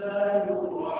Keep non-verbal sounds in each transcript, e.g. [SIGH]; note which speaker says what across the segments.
Speaker 1: لا يطاع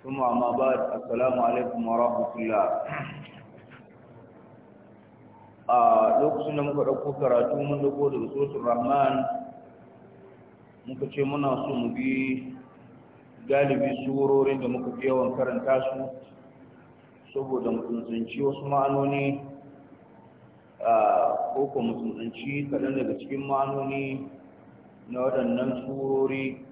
Speaker 1: ثم أما بعد السلام عليكم ورحمة الله lokacin da muka ɗauko karatu mun dauko daga sosun rahman muka ce muna so mu bi galibi surorin da muka fi yawan karanta su saboda mutuntunci wasu ma'anoni ko ko mutuntunci kaɗan daga cikin ma'anoni na waɗannan surori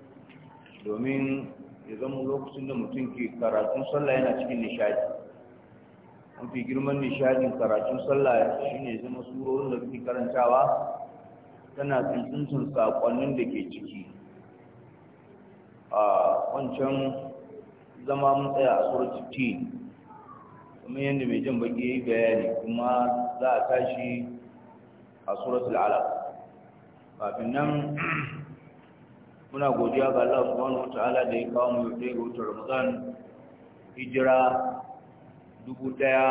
Speaker 1: domin ya zama lokacin da mutum ke karatun sallah yana cikin nishadi an girman nishadin karatun sallah shine zama surorin da kake karantawa tana tsuntsun sakonnin da ke ciki a wancan zama mun tsaya a suratul tin kuma yadda mai jan baki ya yi bayani kuma za a tashi a suratul alaq kafin nan muna godiya ga Allah subhanahu wataala da ya kawo mu da ga watan Ramadan hijira dubu ɗaya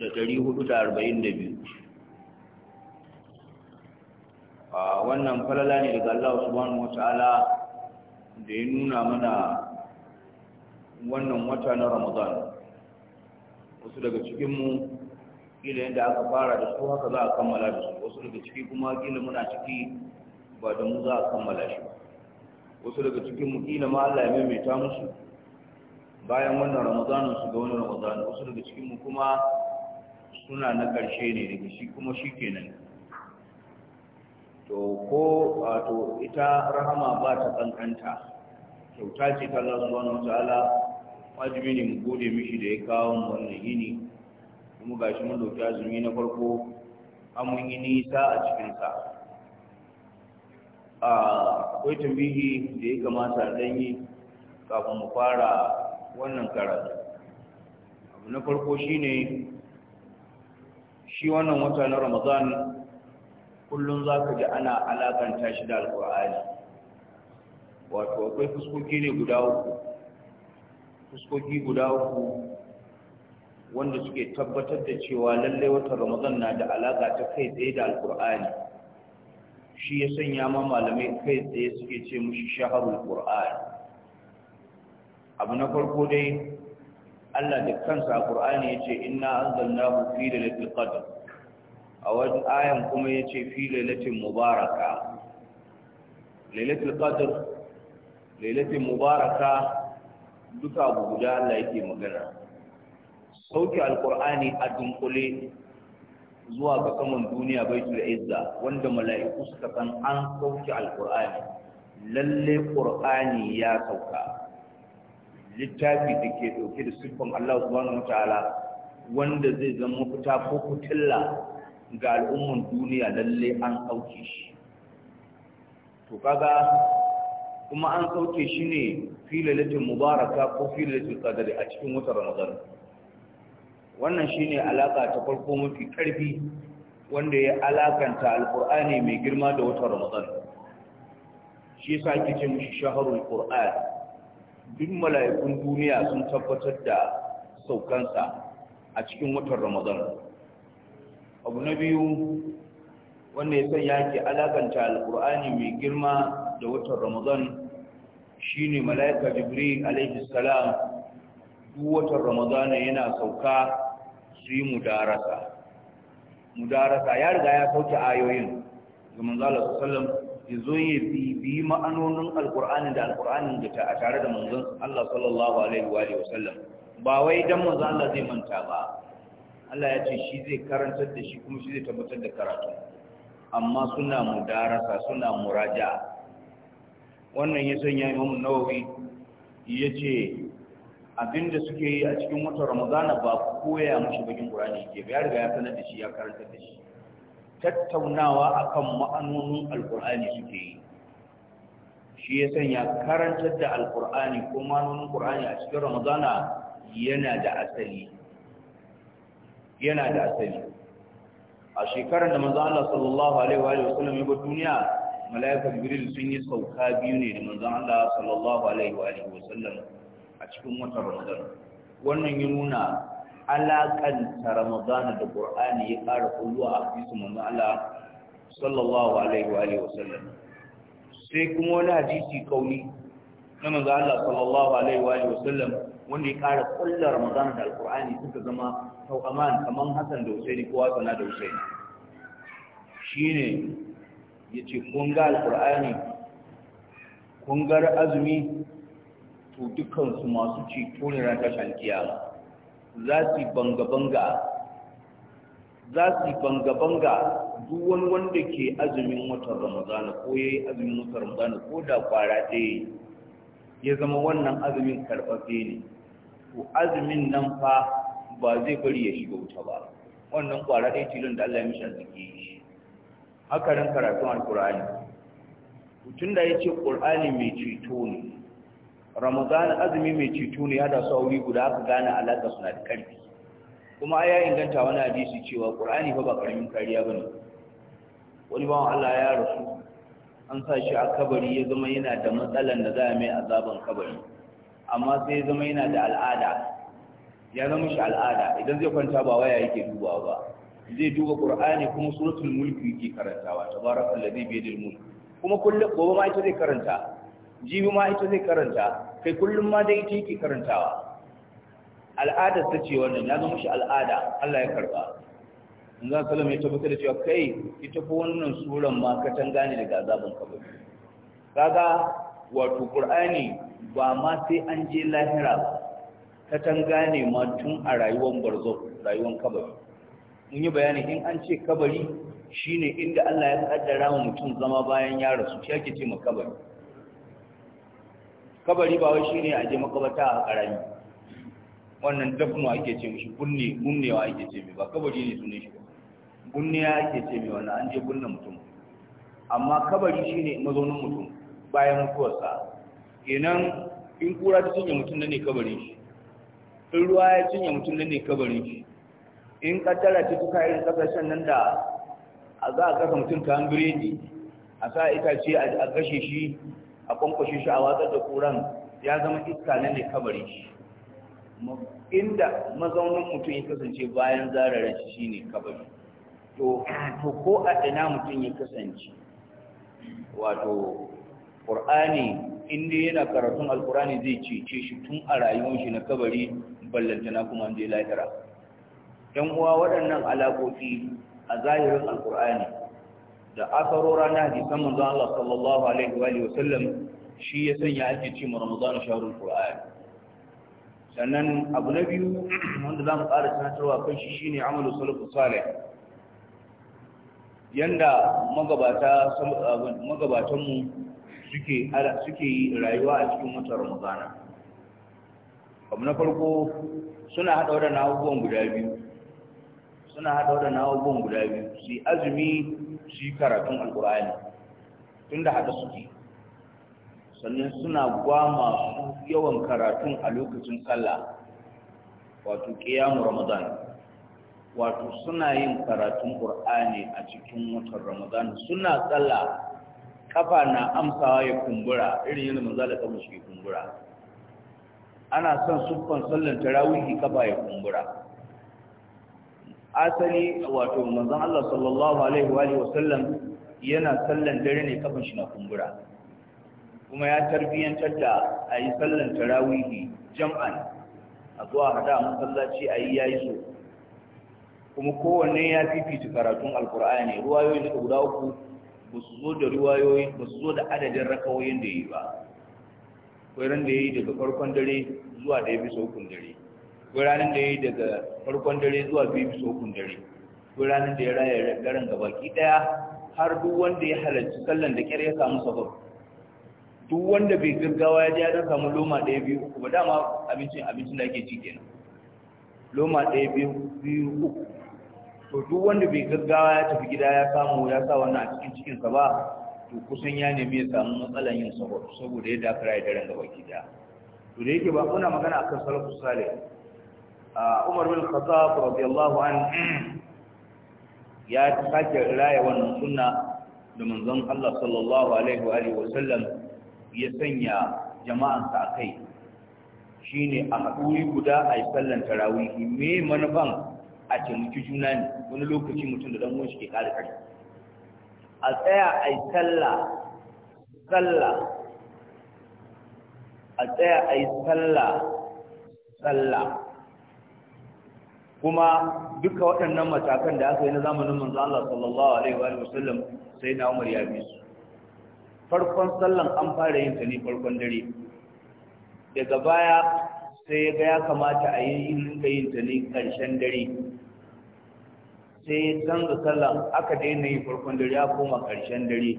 Speaker 1: da dari hudu da arba'in da biyu a wannan falala ne daga Allah subhanahu wataala da ya nuna mana wannan wata na Ramadan wasu daga cikinmu kila yadda aka fara da su haka za a kammala da su wasu daga ciki kuma gina muna ciki ba da mu za a kammala shi wasu daga cikin mu kila ma Allah ya maimaita musu bayan wannan ramadanin su ga wani ramadanin wasu daga cikin mu kuma suna na ƙarshe ne daga shi kuma shi kenan to ko wato ita rahama ba ta kankanta kyauta ce ta Allah subhanahu wataala wajibi ne mu gode mishi da ya kawo mu wannan yini kuma gashi mun dauki azumi na farko an mun yi nisa a cikin sa akwai tambihi da ya kamata dan yi kafin mu fara wannan karatu abu na farko shine shi wannan wata na ramadan kullum za ka ji ana alakanta shi da alkur'ani wato akwai fuskoki ne guda uku fuskoki guda uku wanda suke tabbatar da cewa lallai wata ramadan na da alaka ta kai tsaye da alkur'ani shi ya sanya ma malamai kai tsaye suke ce mushi shaharul qur'an abu na farko dai Allah da kansa a Qur'ani yace inna anzalnahu fi lailatul qadr a wajen ayan kuma yace fi lailatin mubaraka lailatul qadr lailatin mubaraka duka guda Allah yake magana sauki alqur'ani a dunkule zuwa ga kaman duniya bai tura izza wanda mala'iku suka san an sauke alqur'ani lalle qur'ani ya sauka littafi da ke dauke da siffan Allah subhanahu wataala wanda zai zama fita ko fitilla ga al'umman duniya lalle an sauke shi to kaga kuma an sauke shi ne fi mubaraka ko fi lailatul a cikin watan ramadan wannan shine alaƙa ta farko mafi ƙarfi, wanda ya alakanta Alƙur'ani mai girma da watan ramadan shi sa ake ce mishi shahrul ƙur'an duk mala'ikun duniya sun tabbatar da saukansa a cikin watan ramadan abu na biyu wanda ya sanya ke alakanta Alƙur'ani mai girma da watan ramadan shine mala'ika jibril alaihi salam duk watan ramadan yana sauka su yi mudarasa mudarasa ya riga ya sauke ayoyin ga manzala su sallam ya zo ya bibi ma'anonin alkur'anin da alkur'anin da ta tare da manzon Allah sallallahu alaihi wa sallam ba wai dan manzon Allah zai manta ba Allah ya ce shi zai karantar da shi kuma shi zai tabbatar da karatu amma suna mudarasa suna muraja wannan ya sanya Imam Nawawi yace abinda suke yi a cikin wata ramadana ba ku koya mashi bakin qur'ani yake ba ya riga ya sanar da shi ya karanta da shi tattaunawa akan ma'anonin alqur'ani suke yi shi ya sanya karantar da alqur'ani ko ma'anonin qur'ani a cikin ramadana yana da asali yana da asali a shekarar da manzo Allah sallallahu alaihi wa sallam ya bar duniya malaikatu jibril sun yi sauka biyu ne da manzo Allah sallallahu alaihi wa sallam a cikin wata ramadan wannan ya nuna alaƙanta ramadana da ƙur'ani ya ƙara kulluwa a hadisin manzon Allah sallallahu alaihi wa alihi wasallam sai kuma wani hadisi kauli na manzon Allah sallallahu alaihi wa alihi wasallam wanda ya ƙara kullar ramadana da alƙur'ani suka zama tauaman kaman Hassan da Husaini ko Hassan da Husaini shine ce kun ga alƙur'ani kun ga azumi to dukansu masu ci ne ran tashan kiyama za su banga-banga za su banga-banga duk wani wanda ke azumin watan ramadana ko ya yi azumin watan ramadana ko da kwara ɗaya ya zama wannan azumin karɓaɓe ne to azumin nan fa ba zai bari ya shiga wuta ba wannan kwara ɗaya tilon da Allah ya mishi arziki shi haka nan karatun alkur'ani tun da ya ce ƙur'ani mai ceto ne ramadan azumi mai ceto ne ya da sauri guda aka gane alaƙa suna da ƙarfi kuma ya inganta wani hadisi cewa ƙur'ani fa ba ƙaramin kariya ba ne wani bawan allah ya rasu an sa shi a kabari ya zama yana da matsalan da za a mai azaban kabari amma sai ya zama yana da al'ada ya zama shi al'ada idan zai kwanta ba waya yake dubawa ba zai duba ƙur'ani kuma suratul mulki yake karantawa tabarakallazi biyadil mulk kuma kullum gobe ma ita zai karanta jibi ma ita zai karanta kai kullum ma dai ita yake karantawa al'ada ta ce wannan ya zama shi al'ada Allah ya karba in za salama ya tabbatar da cewa kai ita ko wannan suran ma ka can gane daga azabin kabari kaga wato qur'ani ba ma sai an je lahira ba ka can ne ma tun a rayuwar barzo rayuwar kabari mun yi bayani in an ce kabari shine inda Allah ya kaddara wa mutum zama bayan ya rasu shi ake ce kabari kabari ba wai shine a je makabata a karami wannan dafnu ake ce mishi bunne bunnewa ake ce mai ba kabari ne sunan shi ba ya ake ce mai wannan an je kunna mutum amma kabari shine mazaunin mutum bayan sa. kenan in kura ta cinye mutum ne kabarin shi in ruwa ya cinye mutum ne kabarin shi in kaddara ta tuka irin kasashen nan da a za a kasa mutum ta biredi a sa itace a kashe shi a kwankwashe shi a watsar da kuran ya zama iska na ne kamar shi inda mazaunin mutum ya kasance bayan zarara shi ne kabari to ko a ina mutum ya kasance wato ƙur'ani inda yana karatun alkurani zai cece shi tun a rayuwar shi na kabari ballantana kuma je lahira yan uwa waɗannan alaƙoƙi a zahirin alkurani da rana na hadisan manzo Allah sallallahu alaihi wa sallam shi ya sanya ake ci mu Ramadan shahrul Qur'an sannan abu na biyu wanda za mu ƙara sanatarwa kan shi shine amalu salafu salih yanda magabata magabatanmu suke suke yi rayuwa a cikin watan Ramadan abu na farko suna hada wadannan abubuwan guda biyu suna hada wadannan abubuwan guda biyu su azumi shi karatun alkur'ani tun da haka suke sannan suna gwama su yawan karatun a lokacin sallah wato ƙiyamu ramadan wato suna yin karatun ƙur'ani a cikin watan ramadan suna tsalla kafa na amsawa ya kumbura irin yana manzala ta mushi kumbura ana son suffan sallan tarawihi kafa ya kumbura asali wato manzon Allah sallallahu alaihi wa alihi wasallam yana sallan dare ne kafin shi na kumbura kuma ya tarbiyantar da a yi sallan tarawihi jam'an a zuwa hada masallaci a yi yayi so kuma kowanne ya fifita karatun alkur'ani ruwayoyin da guda uku ba su zo da ruwayoyi ba su zo da adadin rakawoyin da yi ba kwairan da ya yi daga farkon dare zuwa da ya bisa hukun dare ranar da ya yi daga farkon dare zuwa biyu so kun dare ranar da ya raya daren gabaki daya har duk wanda ya halarci sallan da kyar ya samu sabab duk wanda bai gaggawa ya ja ya samu loma ɗaya biyu uku ba dama abincin abincin da ake ci kenan loma ɗaya biyu biyu uku to duk wanda bai gaggawa ya tafi gida ya samu ya sa wannan a cikin cikinsa ba to kusan ya nemi ya samu matsalan yin sabab saboda ya dakara ya daren gabaki daya to da yake ba muna magana akan salafu salih Umar bin Khattab radiyallahu an ya sake raya wannan sunna da manzon Allah sallallahu alaihi wa alihi wa sallam ya sanya jama'ansa kai shine a haɗuri guda a yi sallan tarawihi me manufan a taimaki juna ne wani lokaci mutum da uwan shi ke kare kai a tsaya a yi salla salla a tsaya a yi salla salla kuma duka waɗannan matakan da aka yi na zamanin manzo Allah sallallahu alaihi wa sallam sai na Umar ya bi su farkon sallan an fara yin ta ne farkon dare daga baya sai ya ga ya kamata a yi rinka yin ta ne ƙarshen dare sai ya canza sallan aka daina yin farkon dare ya koma ƙarshen dare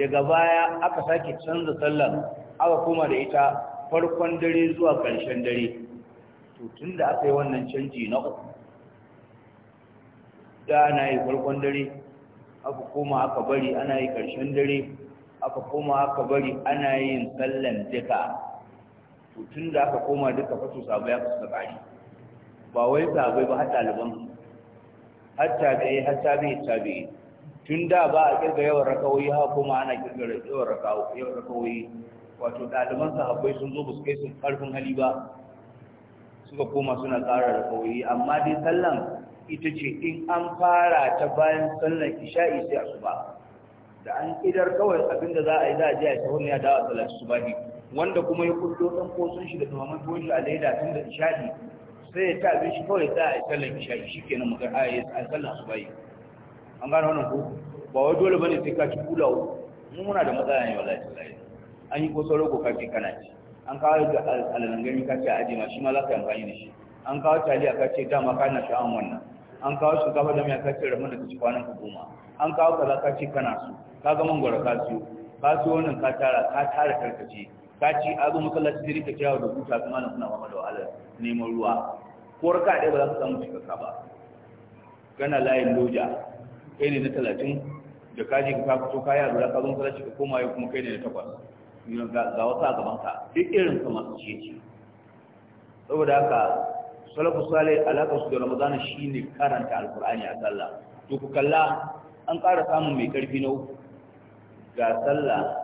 Speaker 1: daga baya aka sake canza sallan aka koma da ita farkon dare zuwa ƙarshen dare to tun da aka yi wannan canji na uku da ana yi farkon dare aka koma aka bari ana yi ƙarshen dare aka koma aka bari ana yin sallan duka tun da aka koma duka fato sabo ya fuska ƙari ba wai sabo ba har ɗaliban har tabi'i har tabi'i tabi'i tun da ba a kirga yawan rakawoyi haka kuma ana kirga yawan rakawoyi wato ɗaliban sahabbai sun zo ba su kai su ƙarfin hali ba suka koma suna ƙara kawai amma dai sallan ita ce in an fara ta bayan sallan isha'i sai asuba da an idar kawai abinda za a yi za a je a ta wani ya su ba subahi wanda kuma ya kullo dan kosun shi da tumamin tuwon shi a laida tun da isha'i sai ya ta abin shi kawai za a yi sallan isha'i ke mu ga a yi sallan subahi an gano wannan ko ba wai dole ne sai ka ci kulawo mu muna da matsala ne wallahi an yi ko sauro ko kake kana ci an kawo da alalangani ka ce aji ma shi ma za ka yi amfani da shi an kawo taliya ka ce dama ka na sha'an wannan an kawo shugaba da miya ka ce ramin da ta ci kwanan ka goma an kawo kaza ka ce kana su ka ga mangwaro ka siyo ka siyo wannan ka tara ka tara karkace ka ci a zo masallaci da rika ciyawa da buta kuma na suna mama da wahalar neman ruwa ko raka ɗaya ba za ka samu cikakka ba kana layin loja kai ne na talatin da kaji ka fito kaya lura ka zo masallaci ka koma yau kuma kai ne na takwas ga wasu a gabanka duk irin ka ce ciye saboda haka salafu sale alaƙar su da ramadana shi ne karanta alkur'ani a sallah to ku kalla an ƙara samun mai ƙarfi na ga sallah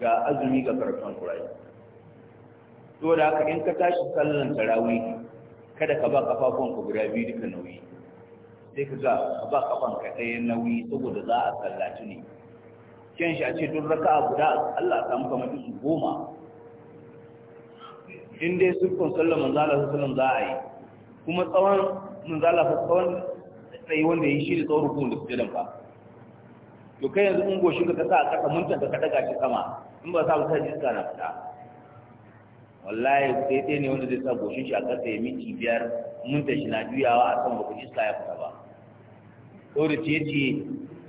Speaker 1: ga azumi ga karatun alkur'ani saboda haka in ka tashi sallan tarawi kada ka ba kafafuwanka guda biyu duka nauyi sai ka ga ka ba kafanka ɗaya nauyi saboda za a sallaci ne kyan shi a ce duk raka'a guda Allah ya samu kamar su goma in dai sukun sallar manzala su sallam za a yi kuma tsawon manzala su tsawon tsayi wanda ya yi shi da tsawon rukun da su jidan ba to kai yanzu in goshi ka kasa a kasa munta ka daga shi sama in ba sa mutar jiska na fita wallahi sai dai ne wanda zai sa goshin shi a kasa ya miti biyar munta shi na juyawa a sama baka jiska ya fita ba ko da ciye-ciye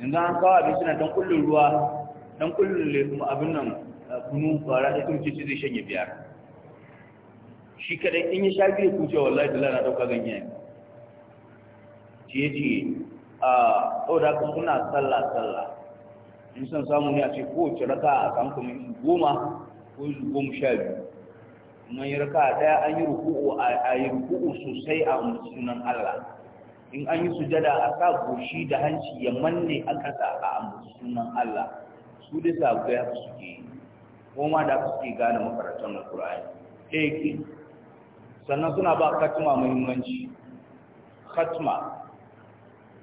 Speaker 1: yanzu an kawo abinci na dan kullum ruwa dan kullun le kuma abin nan eh, kunu fara da kuma cici zai shanye biyar shi kadai in ya sha biyu ce wallahi da lana dauka ganye ciye ciye a saboda haka suna sallah sallah in san samu ne a ce ci raka a samu kamar goma ko goma sha biyu kuma yi raka daya an yi ruku'u a yi ruku'u sosai a sunan Allah in an yi sujada a sa goshi da hanci ya manne a ƙasa a sunan Allah su dai sahabbai haka suke yi ma da suke gane makarantar ƙura'ani ɗaya ke sannan suna ba katima muhimmanci katima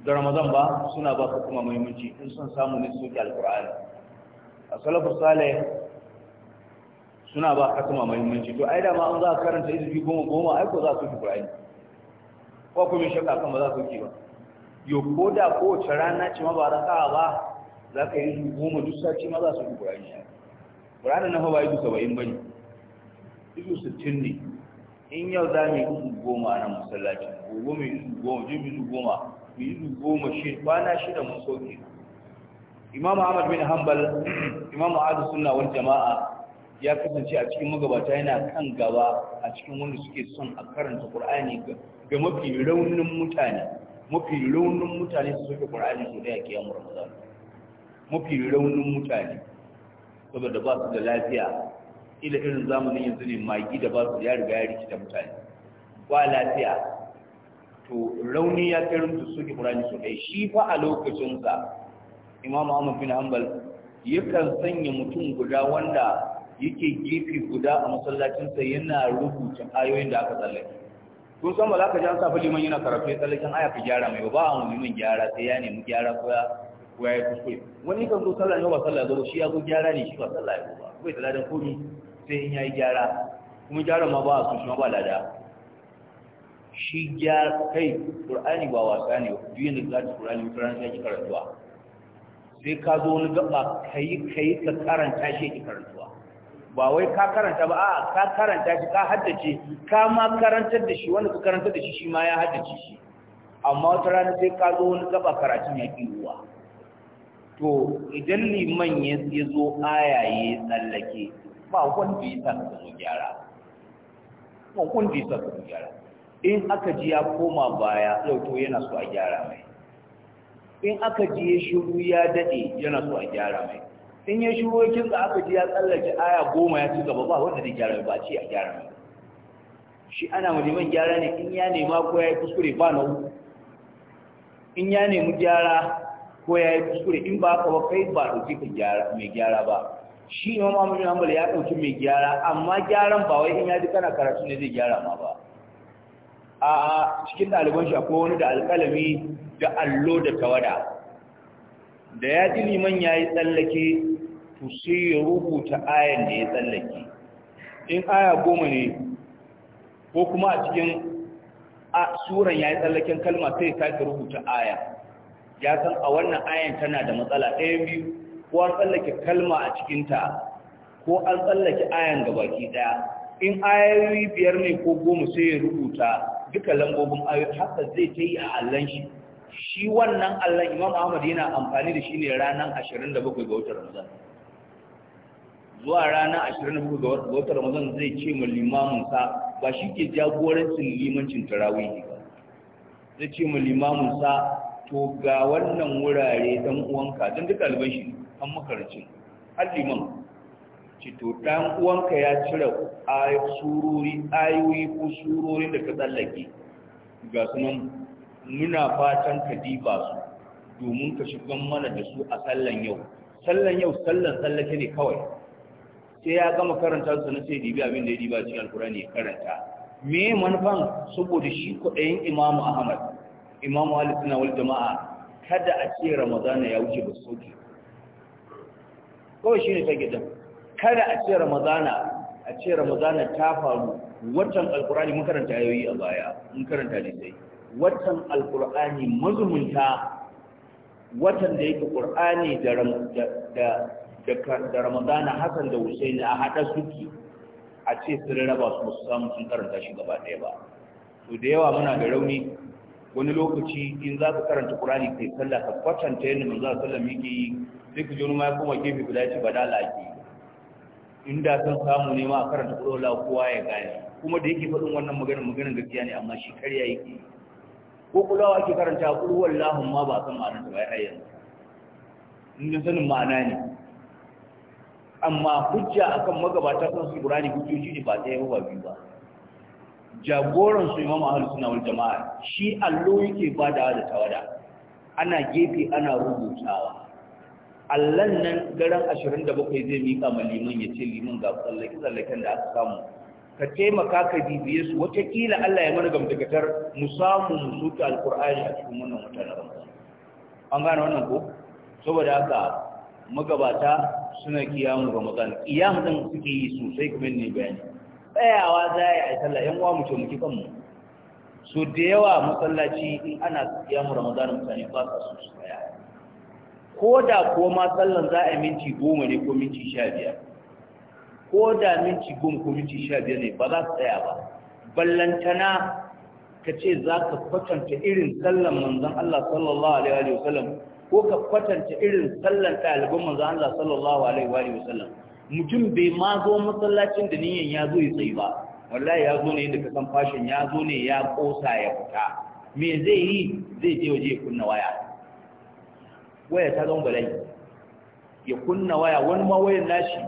Speaker 1: da ramadan ba suna ba katima muhimmanci in sun samu ne ke alƙura'ani a salafar sale suna ba katima muhimmanci to ai dama an za a karanta izini goma goma aiko za su ke ƙura'ani ko kuma shakka kan ba za su ke ba yau ko da kowace rana ce ma ba raka ba za ka yi su goma duk sati ma za su yi ƙurani ƙurani na hawa yi duka bayin bane izu sittin ne in yau za mu yi duk goma na masallacin gobe mai yi goma jin izu goma mu yi duk goma shi kwana shida mun sauke imam ahmad bin hanbal [CLEARS THROAT] imam Ahmad sunna wani jama'a ya kasance a cikin magabata yana kan gaba a cikin wanda suke son a karanta qur'ani ga mafi raunin mutane mafi raunin mutane su soke qur'ani su da yake yamurar ramadan mafi raunin mutane saboda ba su da lafiya ila irin zamanin yanzu ne magi da ba su ya riga ya rikita mutane ba lafiya to rauni ya kai su suke kurani su kai shi fa a lokacinsa imam ahmad bin hanbal yakan sanya mutum guda wanda yake gefe guda a masallacinsa yana rubuta ayoyin da aka tsallake ko san ba za ka ji an sa liman yana karatu ya tsallaken aya ka gyara mai ba a liman gyara sai ya nemi gyara ko ya ko ya yi kuskure wani kan zo sallah yau ba sallah zo shi ya zo gyara ne shi ba sallah ya ba bai da ladan komi sai in ya yi gyara kuma gyara ma ba a so shi ma ba lada shi gyara kai qur'ani ba wasa ne duk da za ta qur'ani mutaran sai ki karantuwa sai ka zo wani gaba kai kai ka karanta shi ki karantuwa ba wai ka karanta ba a'a ka karanta shi ka haddace ka ma karantar da shi wanda ka karantar da shi shi ma ya haddace shi amma wata rana sai ka zo wani gaba karatun ya ki ruwa to idan liman ya zo ayaye tsallake ba wanda ya sa ka gyara ba wanda ya sa ka gyara in aka ji ya koma baya yau to yana so a gyara mai in aka ji ya shiru ya dade yana so a gyara mai in ya shiru ya da aka ji ya tsallake aya goma ya ci gaba ba wanda zai gyara ba ce a gyara mai shi ana ma man gyara ne in ya nema ko ya yi kuskure ba na in ya nemi gyara ko ya yi kuskure in ba ka ba kai ba ɗauki mai gyara ba shi ne wani amur hanbal ya ɗauki mai gyara amma gyaran ba wai in ya ji kana karatu ne zai gyara ma ba a cikin ɗaliban shi akwai wani da alƙalami da allo da tawada da ya ji liman ya yi tsallake to sai ya rubuta ayan da ya tsallake in aya goma ne ko kuma a cikin a suran ya yi tsallaken kalma sai ya sake rubuta aya ya san a wannan ayan tana da matsala ɗayan biyu ko an tsallake kalma a cikinta ko an tsallake ayan baki ɗaya in ayoyi biyar ne ko goma sai ya rubuta duka lambobin ayoyi haka zai ta yi a allon shi shi wannan allon imam ahmad yana amfani da shi ne ranar ashirin da bakwai ga watan ramadan zuwa ranar ashirin da bakwai ga watan ramadan zai ce ma limaminsa ba shi ke jagorancin limancin tarawih ba zai ce ma limaminsa to ga wannan wurare dan uwanka don duk ɗaliban shi an makarcin halliman ce to dan uwanka ya cire surori ayoyi ko surori da ka tsallake ga sunan muna fatan ka diba su domin ka shigan mana da su a sallan yau sallan yau sallan tsallake ne kawai sai ya gama karanta su na sai dibi abin da ya diba cikin alkurani ya karanta me manufan saboda shi kudayen imamu ahmad imamu halittuna wal jama'a kada a ce ramadana ya wuce ba soke kawai shi ne ta jan. kada a ce ramadana a ce ramadana ta faru watan alkurani mun karanta ayoyi a baya mun karanta ne sai watan alkurani mazumunta watan da yake qur'ani da da da ramadana hasan da husaini a hada suki a ce sun raba su samu sun karanta shi gaba ɗaya ba to da yawa muna da rauni wani lokaci in za ka karanta ƙurani kai sallah ka kwatanta yadda manzo sallam sallah yi sai ku jinu ma ya koma gefe guda ci ba dala ke inda san samu ne ma a karanta qur'ani kowa ya gane kuma da yake faɗin wannan maganar maganar gaskiya ne amma shi karya yake ko kulawa ake karanta qul wallahu ma ba san ma'anar da ba ai yanzu inda sanin ma'ana ne amma hujja akan magabata sun su qur'ani hujjoji ne ba ta yi ba biyu ba jagoran su imamu ahlus suna wal jama'a shi allo yake badawa da tawada ana gefe ana rubutawa allan nan garan 27 zai mika ma liman ya ce liman ga tsallake tsallaken da aka samu ka taimaka ka bibiye su Allah ya mana gamtakatar mu samu mu suke alkur'ani a cikin wannan wata na ramadan an gane wannan ko saboda haka magabata suna kiyamu ramadan kiyamu din suke yi sosai kuma ne bayani tsayawa za a yi sallah yan uwa mu ce muke kanmu so da yawa masallaci in ana siya mu ramadan mutane ba sa su tsaya ko da ko ma sallan za a yi minti goma ne ko minti sha biyar ko da minti goma ko minti sha biyar ne ba za su tsaya ba ballantana ka ce za ka kwatanta irin sallan manzan Allah sallallahu alaihi wa sallam ko ka kwatanta irin sallan ɗaliban manzan Allah sallallahu alaihi wa sallam mutum bai ma zo masallacin da niyan ya zo ya tsayi ba wallahi ya zo ne da kasan fashin ya zo ne ya kosa ya fita me zai yi zai je waje ya kunna waya waya ta zama bala'i ya kunna waya wani ma wayan nashi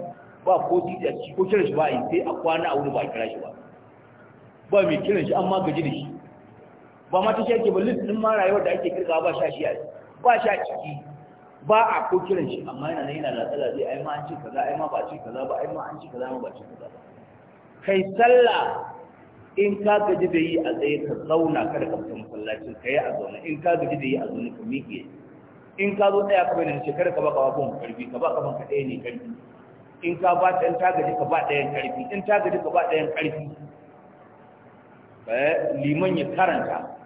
Speaker 1: ba ko jijiya shi ko kiran shi ba in sai a kwana a wuri ba a kira shi ba ba mai kiran shi an ma gaji da shi ba ma ta shi ake ba list din ma rayuwar da ake kirga ba sha shi ba sha ciki ba a ko kiran shi amma yana nan yana latsala zai ai ma an ci kaza ai ma ba ci kaza ba ai ma an ci kaza ma ba ci kaza ba kai sallah in ka gaji da yi a tsaye ka zauna kada ka fita masallacin ka yi a zauna, in ka gaji da yi a zaune ka miƙe in ka zo tsaya kawai da shi kada ka ba kafafun karfi ka ba ban ka ɗaya ne karfi in ka ba ta in ta gaji ka ba ɗayan karfi in eh, ta gaji ka ba ɗayan karfi liman ya karanta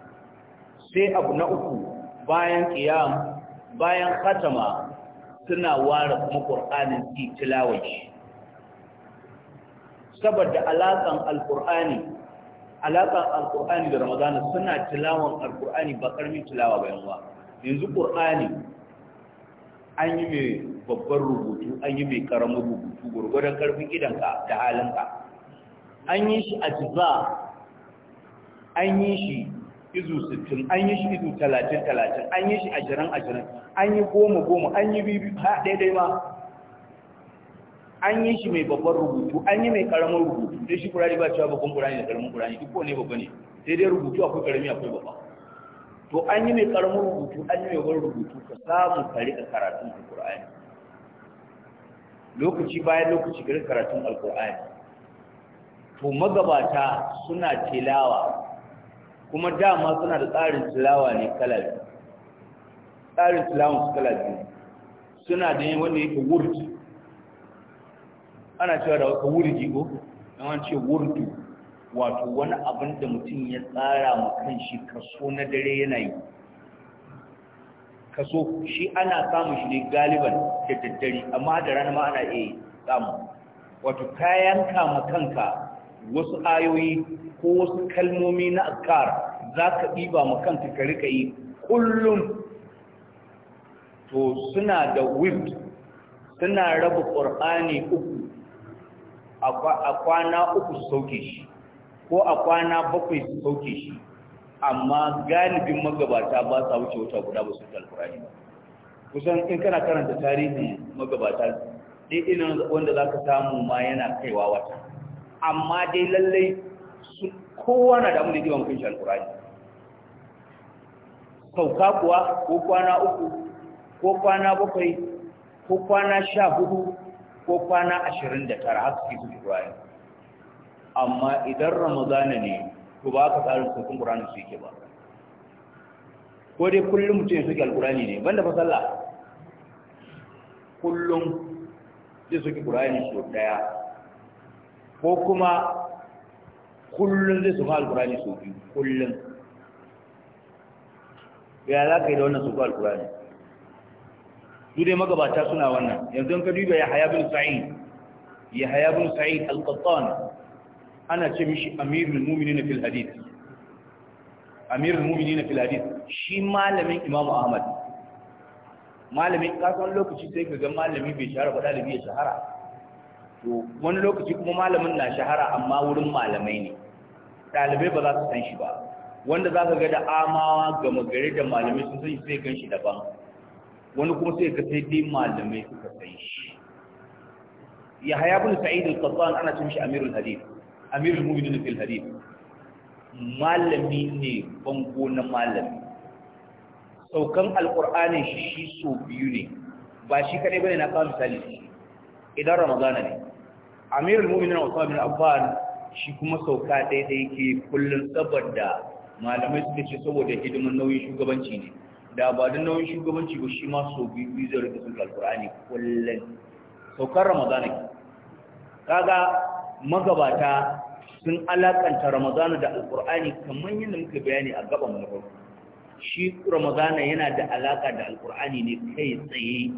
Speaker 1: sai abu na uku bayan kiyam bayan khatama suna ware kuma ƙur'anin fi tilawaci saboda alaƙan alƙur'ani alaƙan alƙur'ani da ramadana suna tilawan alƙur'ani ba ƙarfin tilawa bayan wa yanzu ƙur'ani an yi mai babban rubutu an yi mai ƙaramin rubutu gwargwadon ƙarfin idanka da halinka an yi shi a jiza an yi shi izu 60 an yi shi izu 30-30 an yi shi 20-20 an yi goma-goma an yi bibi, ha daidai ma an yi shi mai babban rubutu an yi mai karamin rubutu dai shi kurari ba cewa babban kurari da karamin kurari duk ne babba ne sai dai rubutu akwai karami akwai babba to an yi mai karamin rubutu an yi mai babban rubutu ka samu ka rika karatun alkur'ani lokaci bayan lokaci ka rika karatun alkur'ani to magabata suna tilawa kuma dama suna da tsarin tilawa ne kala biyu tsarin tilawa su kala biyu suna da yin wanda yake wurdi ana cewa da wata wurdi ko don an ce wurdi wato wani abin da mutum ya tsara ma kan shi kaso na dare yana yi kaso shi ana samun shi ne galiban da daddare amma da rana ma ana iya samu wato kayan kama kanka wasu ayoyi ko wasu kalmomi na azkar za ka ɗiba makanta ka yi kullum to suna da wild suna raba ƙur'ani uku a kwana uku su sauke shi ko a kwana bakwai su sauke shi amma galibin magabata ba sa wuce wata guda ba su alkurani ba kusan in kana karanta tarihin magabata ɗin wanda za ka samu ma yana kaiwa wata amma dai lallai su kowa na da damu da jiban kunshi alkurani sauka kuwa ko kwana uku ko kwana bakwai ko kwana sha hudu ko kwana ashirin da tara haka ke suke kurani amma idan ramadana ne to ba ka tsarin saukin kurani su yake ba ko dai kullum mutum ya suke alkurani ne banda fa sallah kullum zai suke kurani sau daya ko kuma kullum zai sufa alkurani su biyu kullum ya za ka yi da wannan sufa alkurani su dai magabata suna wannan yanzu ka duba ya haya bin sa'id ya haya bin sa'id alkattan ana ce mishi amirul mumini na fil hadith amirul mumini fil hadith shi malamin imamu ahmad malamin kasan lokaci sai ka ga malami bai shahara ba dalibi ya shahara to wani lokaci kuma malamin na shahara amma wurin malamai ne ɗalibai ba za su san shi ba wanda za ka ga da amawa gama gari da malamai sun san shi sai gan shi daban wani kuma sai ka sai dai malamai suka san shi yahaya bin sa'id al-qattan ana cin shi amirul hadith amirul mu'minin fil hadith malami ne bango na malami saukan alƙur'anin shi shi so biyu ne ba shi kaɗai bane na kawo misali idan ramadana ne al mu'minin Usman bin Affan shi kuma sauka daidai yake kullun saboda malamai suke ce saboda hidimin nauyin shugabanci ne da ba da nauyin shugabanci ba shi ma so bi zai rika sun alqur'ani kullun saukar ramadana kaga magabata sun alakanta ramadana da alqur'ani kamar yadda muka bayani a gaban mu shi ramadana yana da alaka da alkur'ani ne kai tsaye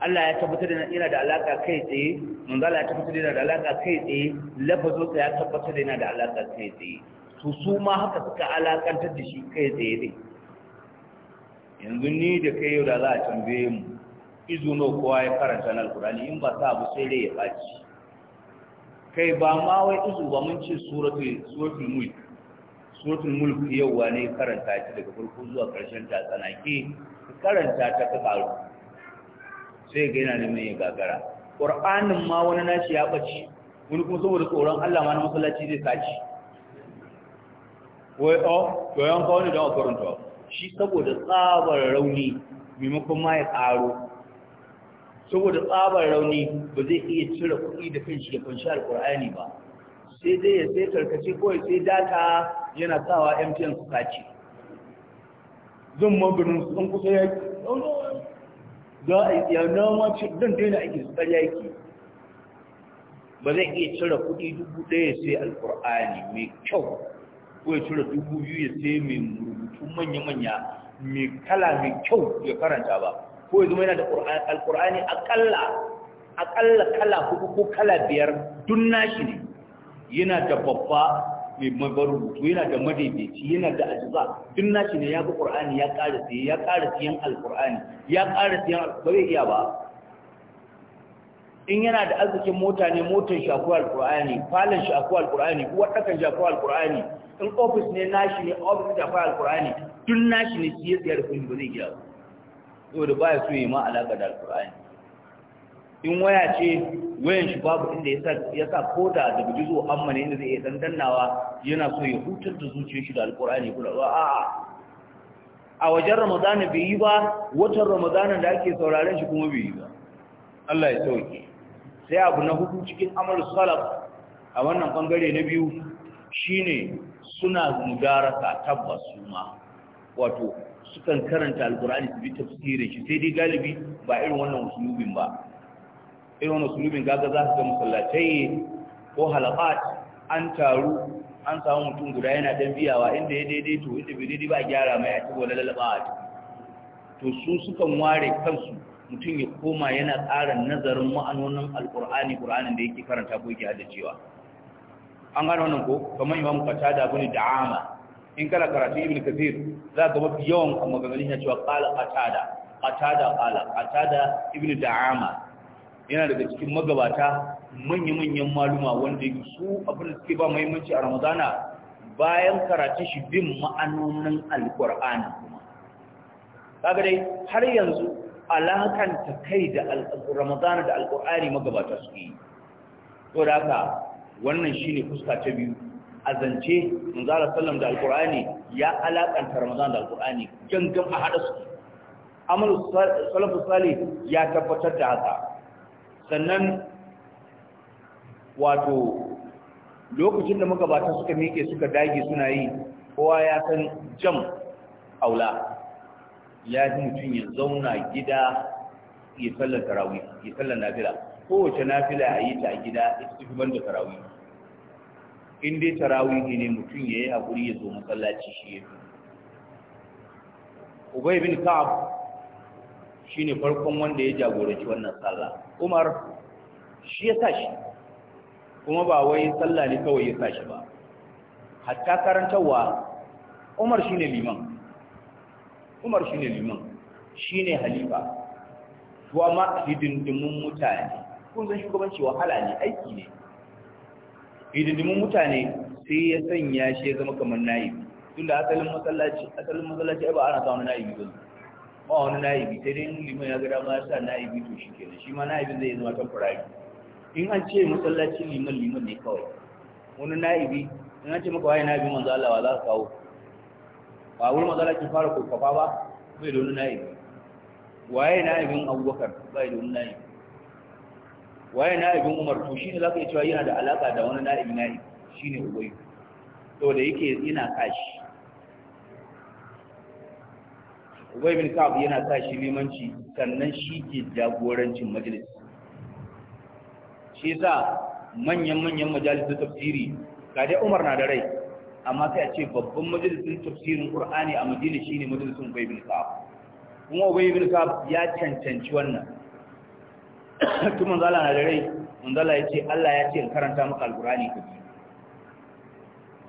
Speaker 1: Allah ya tabbatar da yana da alaka kai tsaye manzo Allah ya tabbatar da yana da alaka kai tsaye lafazo ya tabbatar da yana da alaka kai tsaye to su ma haka suka alakantar da shi kai tsaye ne yanzu ni da kai yau da za a tambaye mu izu no kowa ya karanta na alkurani in ba sa abu sai dai ya baci kai ba ma wai izu ba mun ce suratul suratul mulk suratul mulk yau wane karanta ta daga farko zuwa karshen ta tsanake karanta ta ka faru. sai ga yana neman ya gagara ƙur'anin ma wani nashi ya ɓace wani kuma saboda tsoron Allah ma na masallaci zai saci wai o oh, to yan kawo ne don a karanta shi saboda tsabar rauni maimakon ma ya ƙaro saboda tsabar rauni ba zai iya cire kuɗi da kan kanshi ya fanshi alƙur'ani ba sai dai ya sai karkace kawai sai data yana sawa mtn su sace zan maganin sun kusa ya yi. don a yi noma don daina ake tsariya yake ba zai iya cire kuɗi dubu ɗaya sai alƙur'ani mai kyau ko ya cire dubu biyu ya sai mai rubutu manya-manya mai kala mai kyau ya karanta ba ko ya zama yana da alƙur'ani akalla kala hudu ko kala biyar dun nashi ne yana da babba mai marubutu yana da madaidaici yana da ajiza duk nashi ne ya ga qur'ani ya ƙara siye ya ƙara siyan alqur'ani ya ƙara siyan ba zai iya ba in yana da arzikin mota ne motar shi akwai alqur'ani falon shi akwai alqur'ani uwar dakan shi akwai alqur'ani in office ne nashi ne office da akwai alqur'ani duk nashi ne siye siyar kun ba zai iya ba saboda baya so ya ma alaka da alqur'ani in waya ce wayan shi babu inda ya sa ko da da guji zuwa amma ne inda zai iya dandannawa yana so ya hutar da zuciyar shi da alkur'ani kula ba a a wajen ramadana bai yi ba watan ramadana da ake sauraren shi kuma bai yi ba Allah ya sauke sai abu na hudu cikin amal salaf a wannan bangare na biyu shine suna mudarasa tabbas ma wato sukan karanta alkur'ani su bi tafsirin shi sai dai galibi ba irin wannan usulubin ba irin wani sulubin gaga za su ga masallatai ko halakat an taru an samu mutum guda yana dan biyawa inda ya daidaito inda bai daidai ba a gyara mai a cikin wani lalaba to su sukan ware kansu mutum ya koma yana tsara nazarin ma'anonin alkur'ani kur'anin da yake karanta ko yake haddacewa an gane wannan ko kamar imam qatada da da'ama in kana karatu ibn kathir za ka mafi yawan maganganun ya cewa qala qatada qatada qala qatada ibn da'ama yana daga cikin magabata manya-manyan maluma wanda su abin da suke ba mahimmanci a ramadana bayan karatun shi bin ma'anonin alkur'ani kuma kaga dai har yanzu alakanta kai da ramadana da alkur'ani magabata su yi to da haka wannan shine fuska ta biyu a zance manzara sallam da alkur'ani ya alakanta ramadana da alkur'ani gangan a hada su amalu salafus salih ya tabbatar da haka sannan wato lokacin da magabata suka mike suka dage suna yi kowa ya san jam aula ya fi mutum ya zauna gida ya sallar tarawi ya sallar nafila kowace nafila a yi ta a gida ita tafi ban da tarawih in dai ne mutum ya yi haƙuri ya zo masallaci shi ya fi ubay bin ka'ab ne farkon wanda ya jagoranci wannan sallah umar shi ya sa shi kuma ba wai sallah ne kawai ya sa shi ba hatta karantarwa umar shine liman umar shine liman shine halifa to amma hidindimin mutane kun san shugabanci wahala ne aiki ne hidindimin mutane sai ya sanya shi ya zama kamar na'ibi tunda asalin masallaci asalin masallaci ba ana samun na'ibi ba ba wani na'ibi sai dai liman ya gada ba ya sa na'ibi to shi kenan shi ma na'ibin zai zama tamfurari. in an ce masallaci liman liman ne kawai wani na'ibi in an ce maka waye na'ibi manzo Allah ba za ka kawo ba wani manzo ki fara kokafa ba bai da wani na'ibi waye na'ibin Abubakar bai da wani na'ibi waye na'ibin Umar to shi ne za ka yi cewa yana da alaka da wani na'ibi na'ibi ne ubayyu to da yake yana kashi Ubay bin Ka'ab yana sa shi limanci sannan shi ke jagorancin majalis shi yasa manyan manyan majalisun tafsiri ga dai Umar na da rai amma sai a ce babban majalisun tafsirin Qur'ani a Madina shine majalisun Ubay bin Ka'ab kuma Ubay bin Ka'ab ya cancanci wannan [COUGHS] tun manzala na da rai manzala ya ce Allah ya ce in karanta maka alkurani ka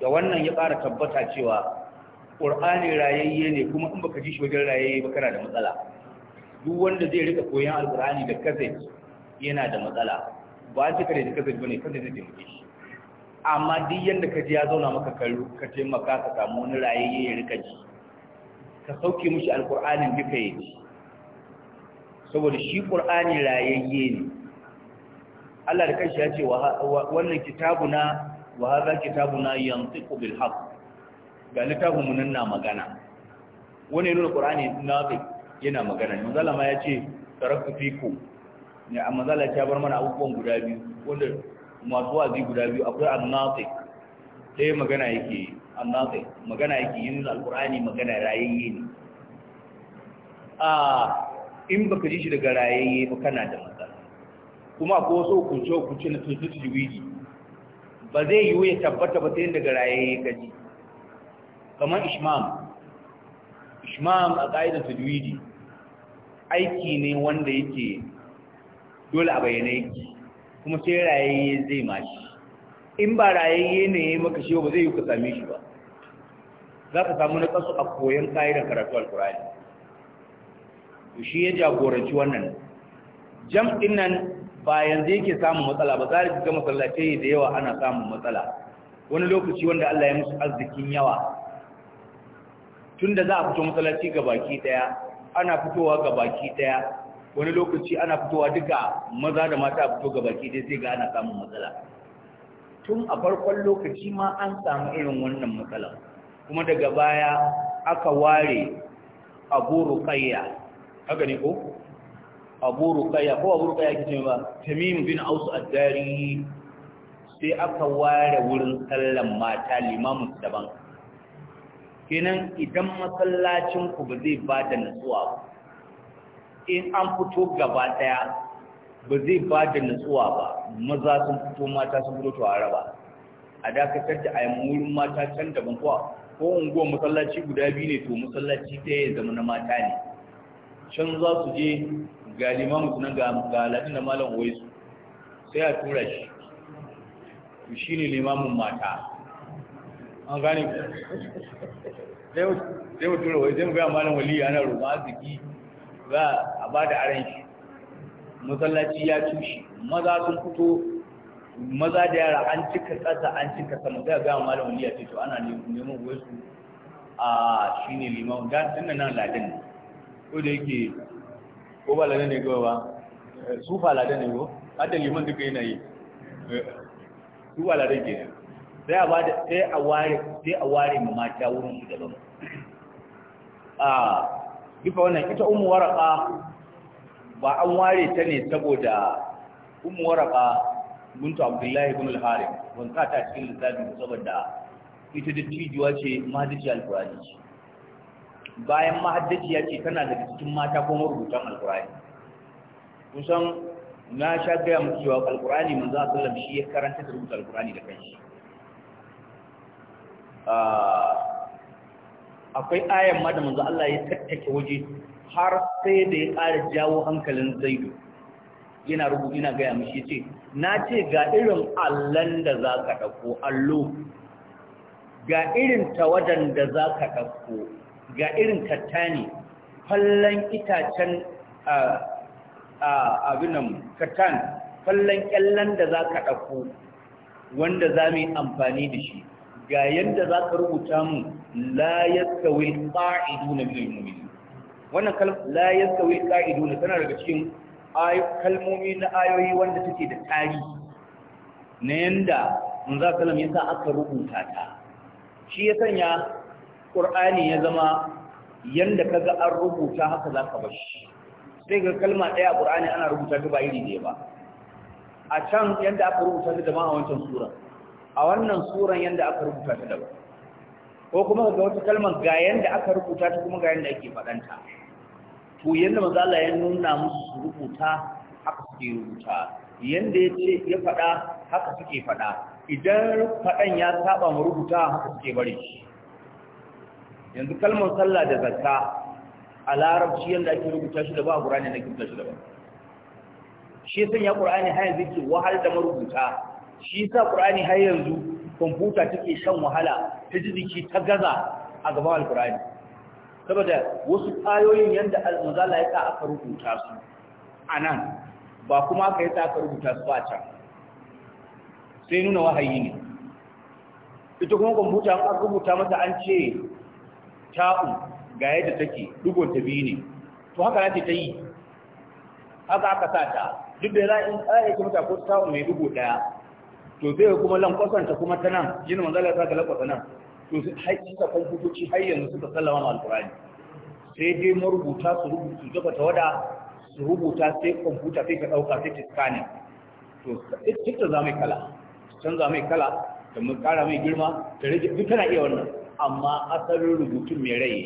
Speaker 1: da wannan ya ƙara tabbata cewa ƙur'ani rayayye ne kuma in baka ji shi wajen rayayye ba kana da matsala duk wanda zai rika koyan alƙur'ani da kazai yana da matsala ba shi kare da kazai bane kazai zai taimake shi amma duk yanda ka ji ya zauna maka kallo ka taimaka ka samu wani rayayye ya rika ji ka sauke mishi alƙur'anin duka ya ji saboda shi ƙur'ani rayayye ne Allah da kanshi ya ce wannan kitabuna wa hadha kitabuna yantiqu bil haqq ga littafin mu nan na magana wani nuna qur'ani na yana magana zalla ma yace tarakku fiku ne amma zalla ta bar mana abubuwan guda biyu wanda masu wazi guda biyu akwai annafi sai magana yake annafi magana yake yin alqur'ani magana rayayye ne ah in baka ji shi daga rayayye ba kana da matsala kuma akwai wasu hukunce hukunce na tuntutu jiwiji ba zai yiwu ya tabbata ba sai daga rayayye ka ji kamar ishmam ishmam a ƙa'idar tajwidi aiki ne wanda yake dole a bayyana yake kuma sai rayayye zai mashi in ba rayayye ne ya maka shi ba zai yi ka same shi ba za ka samu na ƙasu a koyon ƙa'idar karatu alkurani to shi ya jagoranci wannan jam'in nan ba yanzu yake samun matsala ba za ga masallaci da yawa ana samun matsala wani lokaci wanda Allah ya musu arzikin yawa tunda za a fito matsalaci ga baki daya ana fitowa ga baki daya wani lokaci ana fitowa duka maza da mata fito ga baki daya sai ga ana samun matsala tun a farkon lokaci ma an samu irin wannan matsala kuma daga baya aka ware abu ruqayya haka ne ko abu ruqayya ko abu ruqayya kike ba tamim bin aus ad-dari sai aka ware wurin sallan mata limamin daban kenan idan masallacin ku ba zai ba da nutsuwa ba in an fito gaba daya ba zai ba da nutsuwa ba maza sun fito mata sun fito to araba a dakatar da ayi wurin mata can daban kuwa. ko unguwar masallaci guda biyu ne to masallaci ɗaya ya zama na mata ne can za su je ga limamu sunan ga galadin da malam waisu sai a tura shi shi ne limamin mata an gane ku sai mutum rawai sai mu gaya malam wali ana roƙon arziki za a ba da aran shi masallaci ya tushe. maza sun fito maza da yara an cika ƙasa an cika sama sai a gaya malam wali ya ce to ana neman wai su a shi ne liman da tunan nan ladin ne ko da yake ko ba ladin ne ko ba eh, sufa ladin ne ko hadda liman duka yana yi eh, sufa ladin ke ne. sai a bada sai a ware sai a ware mu mata wurin su daban a bisa wannan ita ummu waraka ba an ware ta ne saboda ummu waraka bintu abdullahi ibn al-harith ban ka ta cikin lissafin saboda ita da tijuwa ce mahaddaci Al-Qur'ani. bayan ya ce tana daga cikin mata ko marubutan qurani kusan na sha gaya muku cewa qurani manzo wasallam shi ya karanta da rubuta qurani da kanshi Ah, akwai ayan ma da manzo Allah ya tattake waje har sai da ya ƙara jawo hankalin zaidu yana rubutu yana gaya mishi ce na ce ga irin allon da za ka ɗauko allo ga irin tawadan da za ka ɗauko ga irin kattani fallon itacen abinan kattan fallon ƙyallon da za ka ɗauko wanda za mu yi amfani da shi ga yadda za ka rubuta mu la yastawi ƙa'idu qaiduna min al wannan kalmar la ƙa'idu qaiduna tana daga cikin kalmomi na ayoyi wanda take da tarihi na yanda ka sallam yasa aka rubuta ta shi ya sanya qur'ani ya zama yanda kaga an rubuta haka za bar shi sai ga kalma daya a qur'ani ana rubuta ta ba iri ne ba a can yanda aka rubuta ta da a wancan sura a wannan suran yadda aka rubuta ta daban ko kuma ga wata kalmar ga yadda aka rubuta ta kuma ga yadda ake faɗanta to yadda maza Allah ya nuna musu su rubuta haka suke rubuta yadda ya ce ya faɗa haka suke faɗa idan faɗan ya saba mu rubuta haka suke bari yanzu kalmar sallah da zakka a larabci yadda ake rubuta shi da ba a ne na rubuta shi da ba shi sun ya qurani har yanzu ke wahal da marubuta shi sa qur'ani har yanzu kwamfuta take shan wahala ta ji jiki ta gaza a gaban alkurani saboda wasu ayoyin yadda almazala ya sa aka rubuta su a nan ba kuma aka yi sa aka rubuta su ba can sai nuna wahayi ne ita kuma kwamfuta an rubuta mata an ce ta'u ga yadda take dugon ta biyu ne to haka na ce ta yi haka aka sa ta duk da za a yi ta mata ko ta'u mai dugo daya to sai kuma ta kuma ta nan yin manzala ta ga lankwasa nan to sai suka kwamfutoci har yanzu suka sallama ma alkurani sai dai marubuta su rubuta su dafa tawada su rubuta sai kwamfuta sai ka ɗauka sai ta scanning to ita za mai kala canza mai kala da mun kara mai girma ta rage duk tana iya wannan amma asalin rubutun mai rai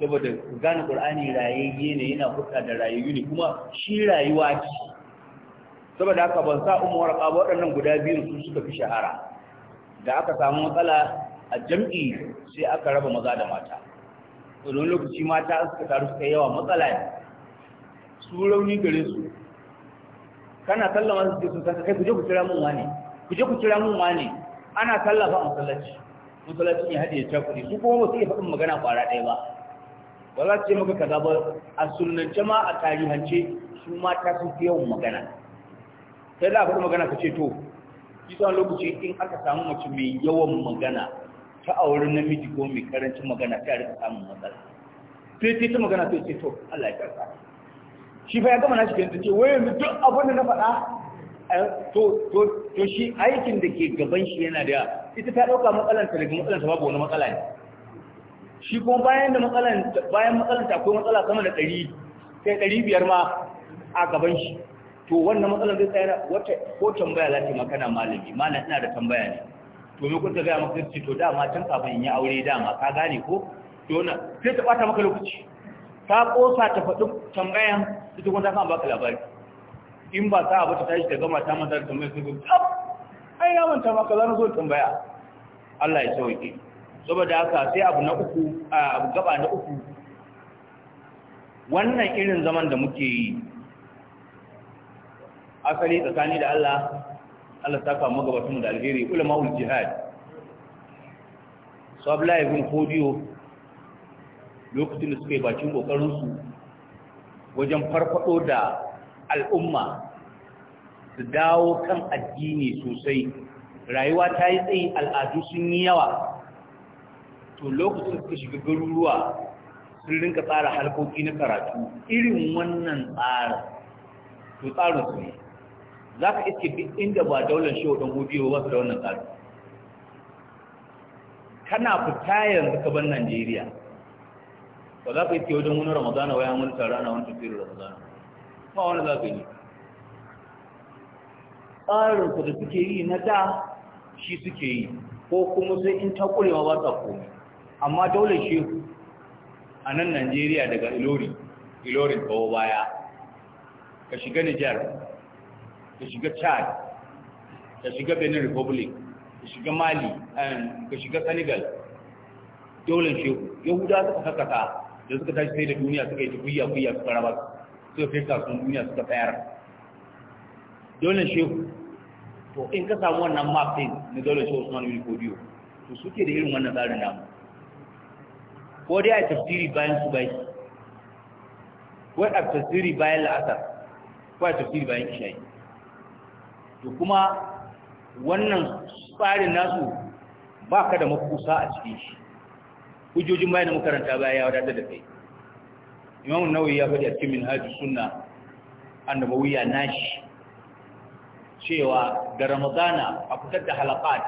Speaker 1: saboda gane qur'ani rayayye ne yana hudda da rayayyu ne kuma shi rayuwa ce saboda haka ban sa umu warqa ba waɗannan guda biyu su suka fi shahara da aka samu matsala a jam'i sai aka raba maza da mata wani lokaci mata suka taru suka yawa matsala ne su rauni gare su kana sallama su ce sun kasa kai ku je ku kira mun wane kuje ku kira mun wane ana sallafa a masallaci masallaci ne hadiya ta kuɗi su kuma ba su iya faɗin magana ƙwara ɗaya ba ba za su ce maka kaza ba a sunnance ma a tarihance su mata sun fi yawan magana sai da aka magana ka ce to kisan lokaci in aka samu mace mai yawan magana ta wurin namiji ko mai karancin magana ta rika samun matsala sai ce ta magana sai ce to Allah ya karɓa shi fa ya gama nashi kenan ce waye mu duk abin da na faɗa eh, to to to shi aikin da ke gaban shi yana da ita ta ɗauka ta daga matsalanta babu wani matsala ne shi kuma bayan da matsalan bayan ta akwai matsala sama da 100 sai ɗari biyar ma a gaban shi to wannan matsalar zai tsaya wata ko tambaya za ta maka na malami malam ina da tambaya ne to me kun ta gaya maka ce to dama tun kafin in yi aure dama ka gane ko to na sai ta bata maka lokaci ta kosa ta faɗi tambayan ita kuma ta baka labari in ba ta abu ta tashi ta gama ta mata da tambayar sai ta ai ya manta maka zan zo tambaya Allah ya sauke saboda haka sai abu na uku abu gaba na uku wannan irin zaman da muke yi asali tsakani da Allah Allah ta kama gabatun da alheri ulama jihad su abla ibn kodiyo lokacin da suka yi bakin kokarinsu wajen farfado da al'umma su dawo kan addini sosai rayuwa ta yi tsayi al'adu sun yi yawa to lokacin da suka shiga garuruwa sun rinka tsara harkoki na karatu irin wannan tsarin to tsarin su ne za ka iske duk inda ba daular shi wadon hudiyo ba su da wannan tsari kana fita yanzu ka bar najeriya ba za ka iske wajen wani ramadana waya wani tara na wani tafiyar ramadana ba wani za ka yi tsarin ku da suke yi na da shi suke yi ko kuma sai in ta kurewa ba ta komi amma daular shi a nan najeriya daga ilori ilorin kawo baya ka shiga nijar ka shiga chad ka shiga benin republic ka shiga mali ka shiga senegal daular shehu yahuda suka kakasa da suka tashi sai da duniya suka yi tafiya kuya suka raba suka kai kasuwan duniya suka tsayar daular shehu to in ka samu wannan map din na daular shehu usman bin kodiyo to suke da irin wannan tsarin namu ko dai a tafsiri bayan su bai ko a tafsiri bayan la'asar ko a tafsiri bayan isha'i to kuma wannan tsarin nasu ba ka da makusa a cikin shi hujjojin bayan makaranta baya ya wadatar da kai imam nawawi ya faɗi a cikin minhajus sunna annabawiya nashi cewa da ramadana a fitar da halaqat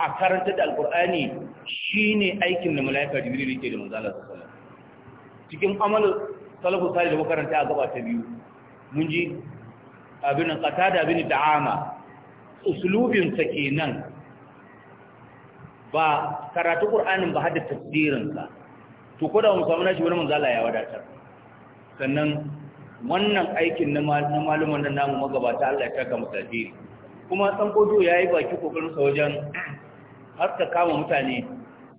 Speaker 1: a karanta da alqur'ani shine aikin da malaika jibril yake da manzo Allah sallallahu alaihi wasallam cikin amal salafu salih da makaranta a gaba ta biyu mun ji da abin da ama da'ama uslubin ke nan, ba karatu ƙur'anin ba har tafsirin to ko da mu samu shi wani manzala ya wadatar sannan wannan aikin na malaman da namu magabata Allah ya taka musafi kuma san kojo yi baki kokarin wajen har ta kama mutane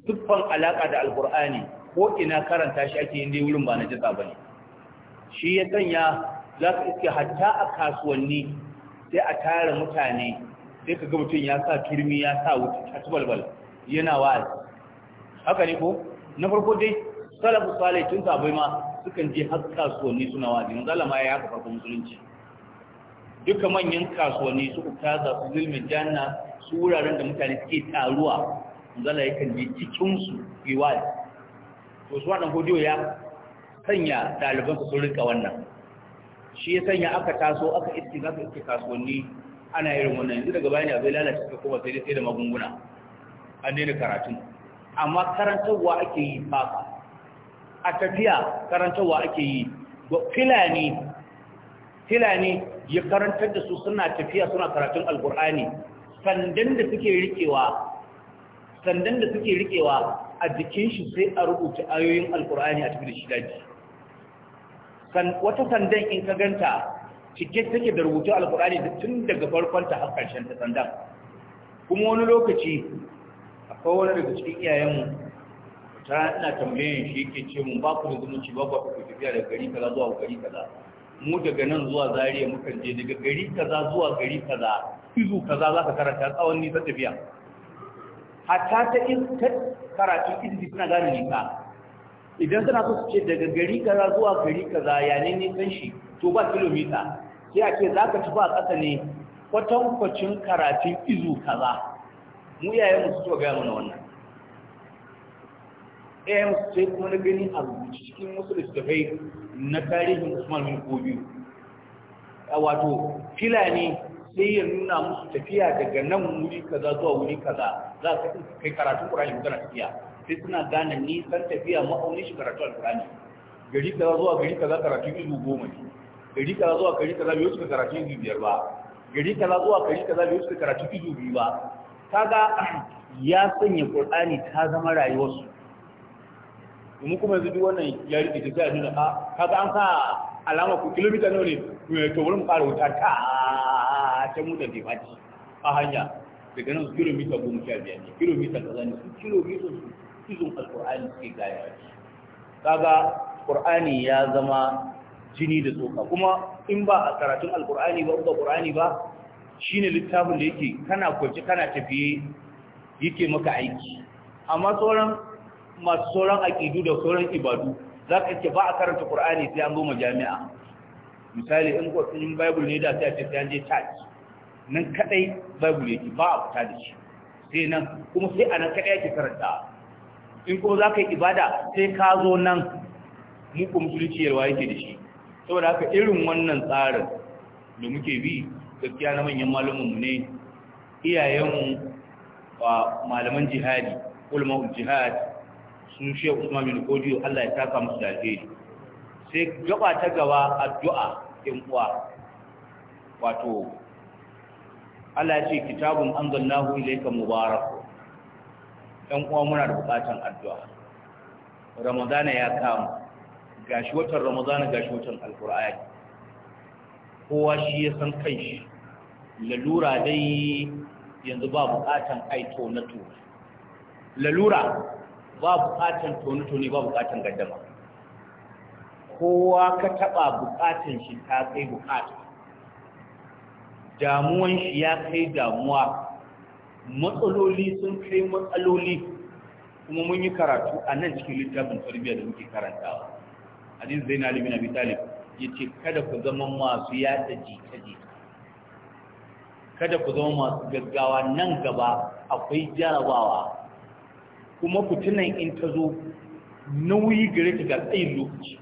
Speaker 1: tuffan alaka da alqur'ani ko ina karanta shi ake yin dai wurin ba na jisa bane shi ya sanya za ka iske hatta a kasuwanni sai a tara mutane sai ka ga mutum ya sa turmi ya sa wuce a tubalbal yana wa'ad haka ne ko na farko dai salafu salai tun sabai ma sukan je har kasuwanni suna wa'adi manzo Allah ma ya haka farko musulunci duka manyan kasuwanni su za su zulmin janna su wuraren da mutane suke taruwa zala ya yakan je cikin su yi wa'azi to su ya sanya ɗalibansa sun rika wannan shi ya sanya aka taso aka iske za ka iske kasuwanni ana irin wannan yanzu daga bayan yanzu lalata ka kuma sai sai da magunguna an daina karatun amma karantarwa ake yi ba a tafiya karantarwa ake yi filani filani ya karantar da su suna tafiya suna karatun alkur'ani sandan da suke rikewa sandan da suke rikewa a jikin shi sai a rubuta ayoyin alkur'ani a tafi da shi daji wata sandan in ka ganta cike take da rubutu alkur'ani tun daga farkon ta har karshen ta sandan kuma wani lokaci akwai wani daga cikin iyayenmu ta ina tambayen shi yake ce mun ba ku da zumunci ba ku ku tafiya daga gari kaza zuwa gari kaza mu daga nan zuwa zariya mukan je daga gari kaza zuwa gari kaza izu kaza za ka karanta tsawon nisan tafiya hatta ta karatun izu suna gane ne ka idan suna so su ce daga gari kaza zuwa gari kaza ya ne nisan shi to ba kilomita sai a ce za ka ci ba ƙasa ne kwatankwacin karatun izu kaza mu yaya musu to gaya mana wannan ɗayan sai kuma na gani a rubuci cikin wasu littattafai na tarihin usman bin kobi wato filani sai ya nuna musu tafiya daga nan wuri kaza zuwa wuri kaza za ka kai karatun ƙura'in magana tafiya sai suna gane nisan tafiya ma'aunin shi karatu alkurani gari kaza zuwa gari kaza karatu ilu goma ne gari kaza zuwa gari kaza bai wuce karatu ilu biyar ba gari kaza zuwa gari kaza bai wuce karatu ilu biyu ba kaga [CLEARS THROAT] ya sanya qur'ani ta zama rayuwarsu mu kuma yanzu duk wannan ya rike ta sai nuna a kaga an sa alama ku kilomita nawa ne eh, to bari mu fara wuta ta ta mu da bai a hanya daga nan kilomita goma sha biyar ne kilomita kaza ne su kilomita su cikin alqur'ani suke gaya kaga qur'ani ya zama jini da tsoka kuma in ba a karatun alqur'ani ba ba qur'ani ba shine littafin da yake kana kwanci kana tafiye yake maka aiki amma sauran masu sauran aƙidu da sauran ibadu za ka ce ba a karanta ƙur'ani sai an goma jami'a misali in kwakwunin bible ne da sai a sai an je church nan kadai bible yake ba a fita da shi sai nan kuma sai a nan kaɗai ake karanta in kuma za ka yi ibada sai ka zo nan muku musulciyarwa yake da shi saboda haka irin wannan tsarin da muke bi gaskiya na manyan mu ne iyayenmu a malaman jihadi ulama jihad sun shi usman bin kodiyo Allah ya taka musu da sai gaba ta gaba addu'a in uwa wato Allah ya ce kitabun anzalnahu ilayka mubarak ɗan uwa muna da buƙatan addu'a ramadana ya kama shi watan ramadana shi watan alƙur'ani kowa shi ya san kai shi lalura dai yanzu ba buƙatan ai tonato lalura ba buƙatan tonato ne ba buƙatan gaddama kowa ka taɓa buƙatan shi ta kai buƙata damuwan shi ya kai damuwa matsaloli sun kai matsaloli kuma mun yi karatu a nan cikin littafin tarbiyya da muke karantawa hadis zai na limina bitali ya ce kada ku zama masu yada jita-jita kada ku zama masu gaggawa nan gaba akwai jarabawa kuma fitinan in ta zo nauyi gare ta ga tsayin lokaci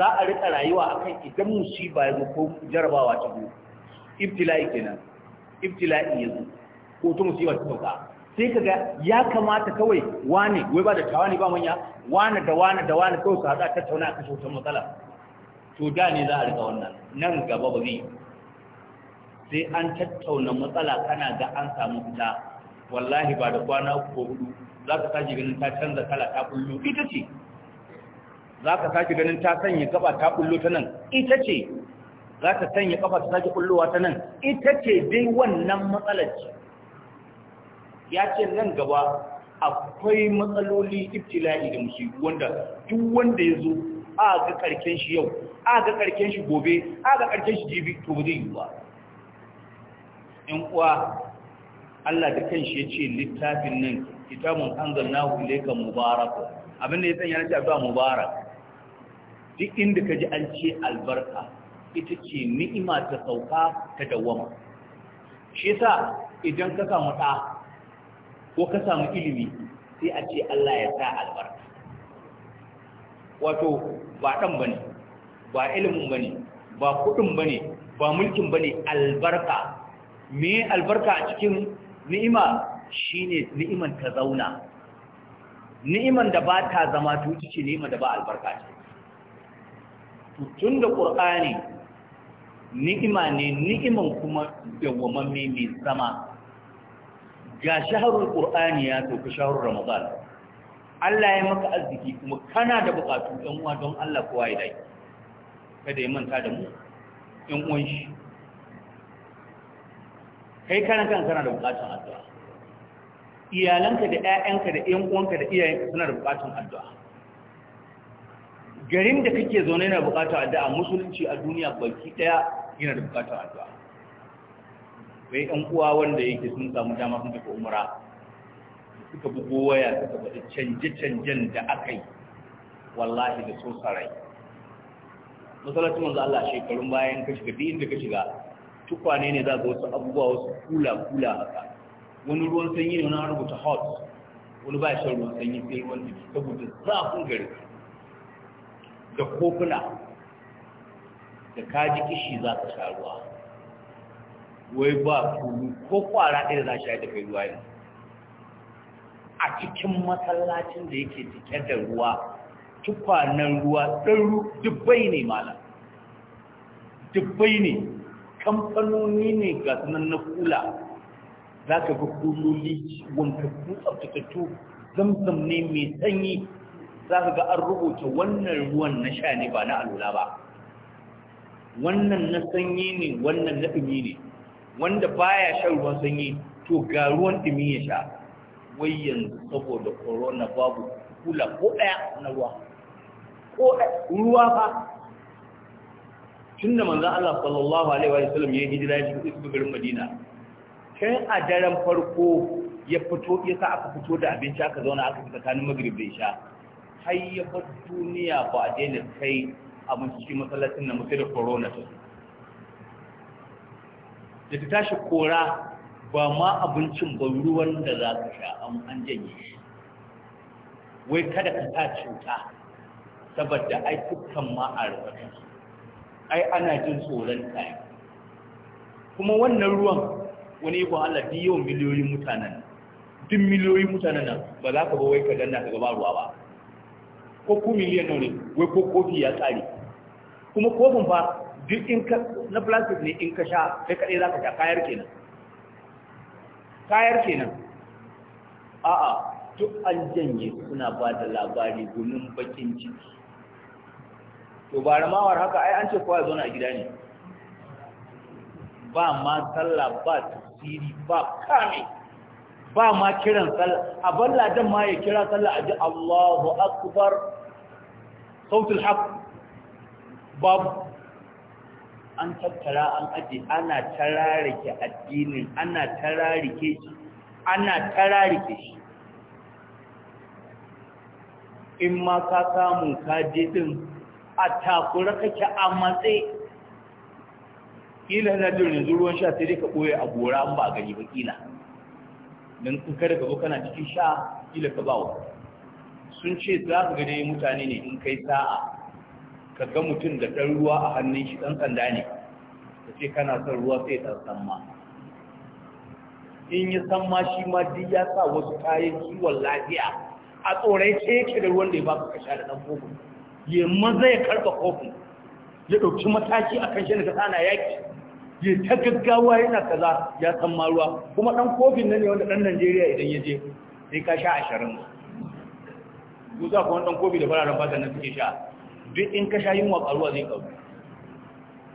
Speaker 1: za a rika rayuwa akan idan musiba ya zo ko jarabawa ta zo ibtila'i kenan ibtila'i ya zo hoto ta musiba ta sauka sai ka ga ya kamata kawai wane wai ba da tawa ne ba manya wane da wane da wane kawai su haɗa tattauna a kashe wutar matsala to da ne za a riga wannan nan gaba ba zai sai an tattauna matsala kana ga an samu fita wallahi ba da kwana ko hudu za ka sake ganin ta canza kala ta kullu ita ce za ka sake ganin ta sanya gaba ta kullu ta nan ita ce za ta sanya kafa ta sake kullowa ta nan ita ce dai wannan matsalar ce ya ce nan gaba akwai matsaloli ibtila'i da musu wanda duk wanda ya zo a ga karken shi yau a ga karken shi gobe a ga karken shi jibi to ba zai yi ba in kuwa Allah da kanshi ya ce littafin nan kitabun nahu ilayka mubarak abinda ya sanya nace addu'a mubarak duk inda kaji an ce albarka ita ce ni'ima ta sauka ta dawama shi yasa idan ka samu da ko ka samu ilimi sai a ce Allah ya sa albarka wato ba ɗan bane, ba ilimin bane, ba kuɗin bane, ba mulkin bane, albarka me albarka a cikin ni'ima shine ni'iman ta zauna ni'iman da ba ta zama tuci ce ni'iman da ba albarka ce tun da ƙur'ani ni'ima ne ni'iman kuma dawwamamme mai zama ga shaharar ƙur'ani ya sauka shaharar ramadan Allah ya maka arziki kuma kana da buƙatu ɗan uwa don Allah kowa ya dai kada ya manta da mu ɗan uwan shi kai kana kan kana da buƙatun addu'a iyalanka da ƴaƴanka da ƴan uwanka da iyayenka suna da buƙatun addu'a garin da kake zaune yana buƙatun addu'a musulunci a duniya baki ɗaya yana da buƙatun addu'a akwai ɗan uwa wanda yake sun samu dama sun tafi umara suka bugo waya suka faɗi canje-canjen da aka yi wallahi da so sarai masallacin wanzu Allah shekarun bayan ka shiga duk inda ka shiga tukwane ne za ga wasu abubuwa wasu kula-kula haka wani ruwan sanyi ne wani rubuta hot wani ba shan ruwan sanyi sai ruwan jiki saboda zafin gari da kofuna da kaji kishi za ka sha ruwa wai ba kuru ko kwara ɗaya za shi da kai ruwa ne a cikin masallacin da yake cike da ruwa tukwanan ruwa ɗaru dubbai ne malam dubbai ne kamfanoni ne ga sunan na kula za ka ga kuloli wankakku tsabtattu zamzam ne mai sanyi za ka ga an rubuta wannan ruwan na sha ne ba na alula ba wannan na sanyi ne wannan na ɗumi ne wanda baya shan ruwan sanyi to ga ruwan dumi ya sha wai yanzu saboda corona babu kula ko daya na ruwa ko ruwa ba tunda manzo Allah sallallahu alaihi wa sallam ya hijira ya shiga garin Madina Kai a daren farko ya fito ya sa aka fito da abinci aka zauna aka fita kanin magrib da isha har ya bar duniya ba a daina kai abinci cikin masallacin na mutu da corona ta da ta tashi kora ba ma abincin ba ruwan da za ka sha an janye shi wai kada ka ta cuta saboda ai dukkan ma a rubuta ai ana jin tsoron kai kuma wannan ruwan wani ikon Allah duk yawan miliyoyin mutanen duk miliyoyin mutanen nan ba za ka ba wai ka danna ka gaba ruwa ba ko ku miliyan nawa ne wai ko kofi ya tsare kuma kofin ba duk in ka na plastic ne in ka sha kai kaɗai za ka sha kayar kenan kayar kenan a'a duk an janye suna ba da labari domin bakin ciki to ba ramawar haka ai an ce kowa zauna a gida ne ba ma sallah ba tasiri ba kame ba ma kiran sallah a ladan ma ya kira sallah a ji Allahu akbar sautul haq babu an tattara an aje ana tararike addinin ana tararike shi ana tararike shi in ma ka samu ka je din a takura kake a matse kila na jin yanzu ruwan sha sai dai ka ɓoye a gora an ba a gani ba kila don kun kada ka kana cikin sha kila ka ba wa sun ce za ka ga dai mutane ne in kai sa'a ka ga mutum da ɗan ruwa a hannun shi ɗan sanda ne ka ce kana son ruwa sai ɗan samma in yi samma shi ma duk ya sa wasu kayan kiwon lafiya a tsoron ce yake da ruwan da ya baka kasha da ɗan kofin ya maza ya karɓa kofin ya ɗauki mataki a kan shi da kasa na yaƙi ya ta gaggawa yana kaza ya san ma ruwa kuma ɗan kofin nan ne wanda ɗan najeriya idan ya je sai ka sha ashirin ku za ku wani ɗan kofi da fararen fata na suke sha duk in ka sha yunwa ƙaruwa zai ƙaru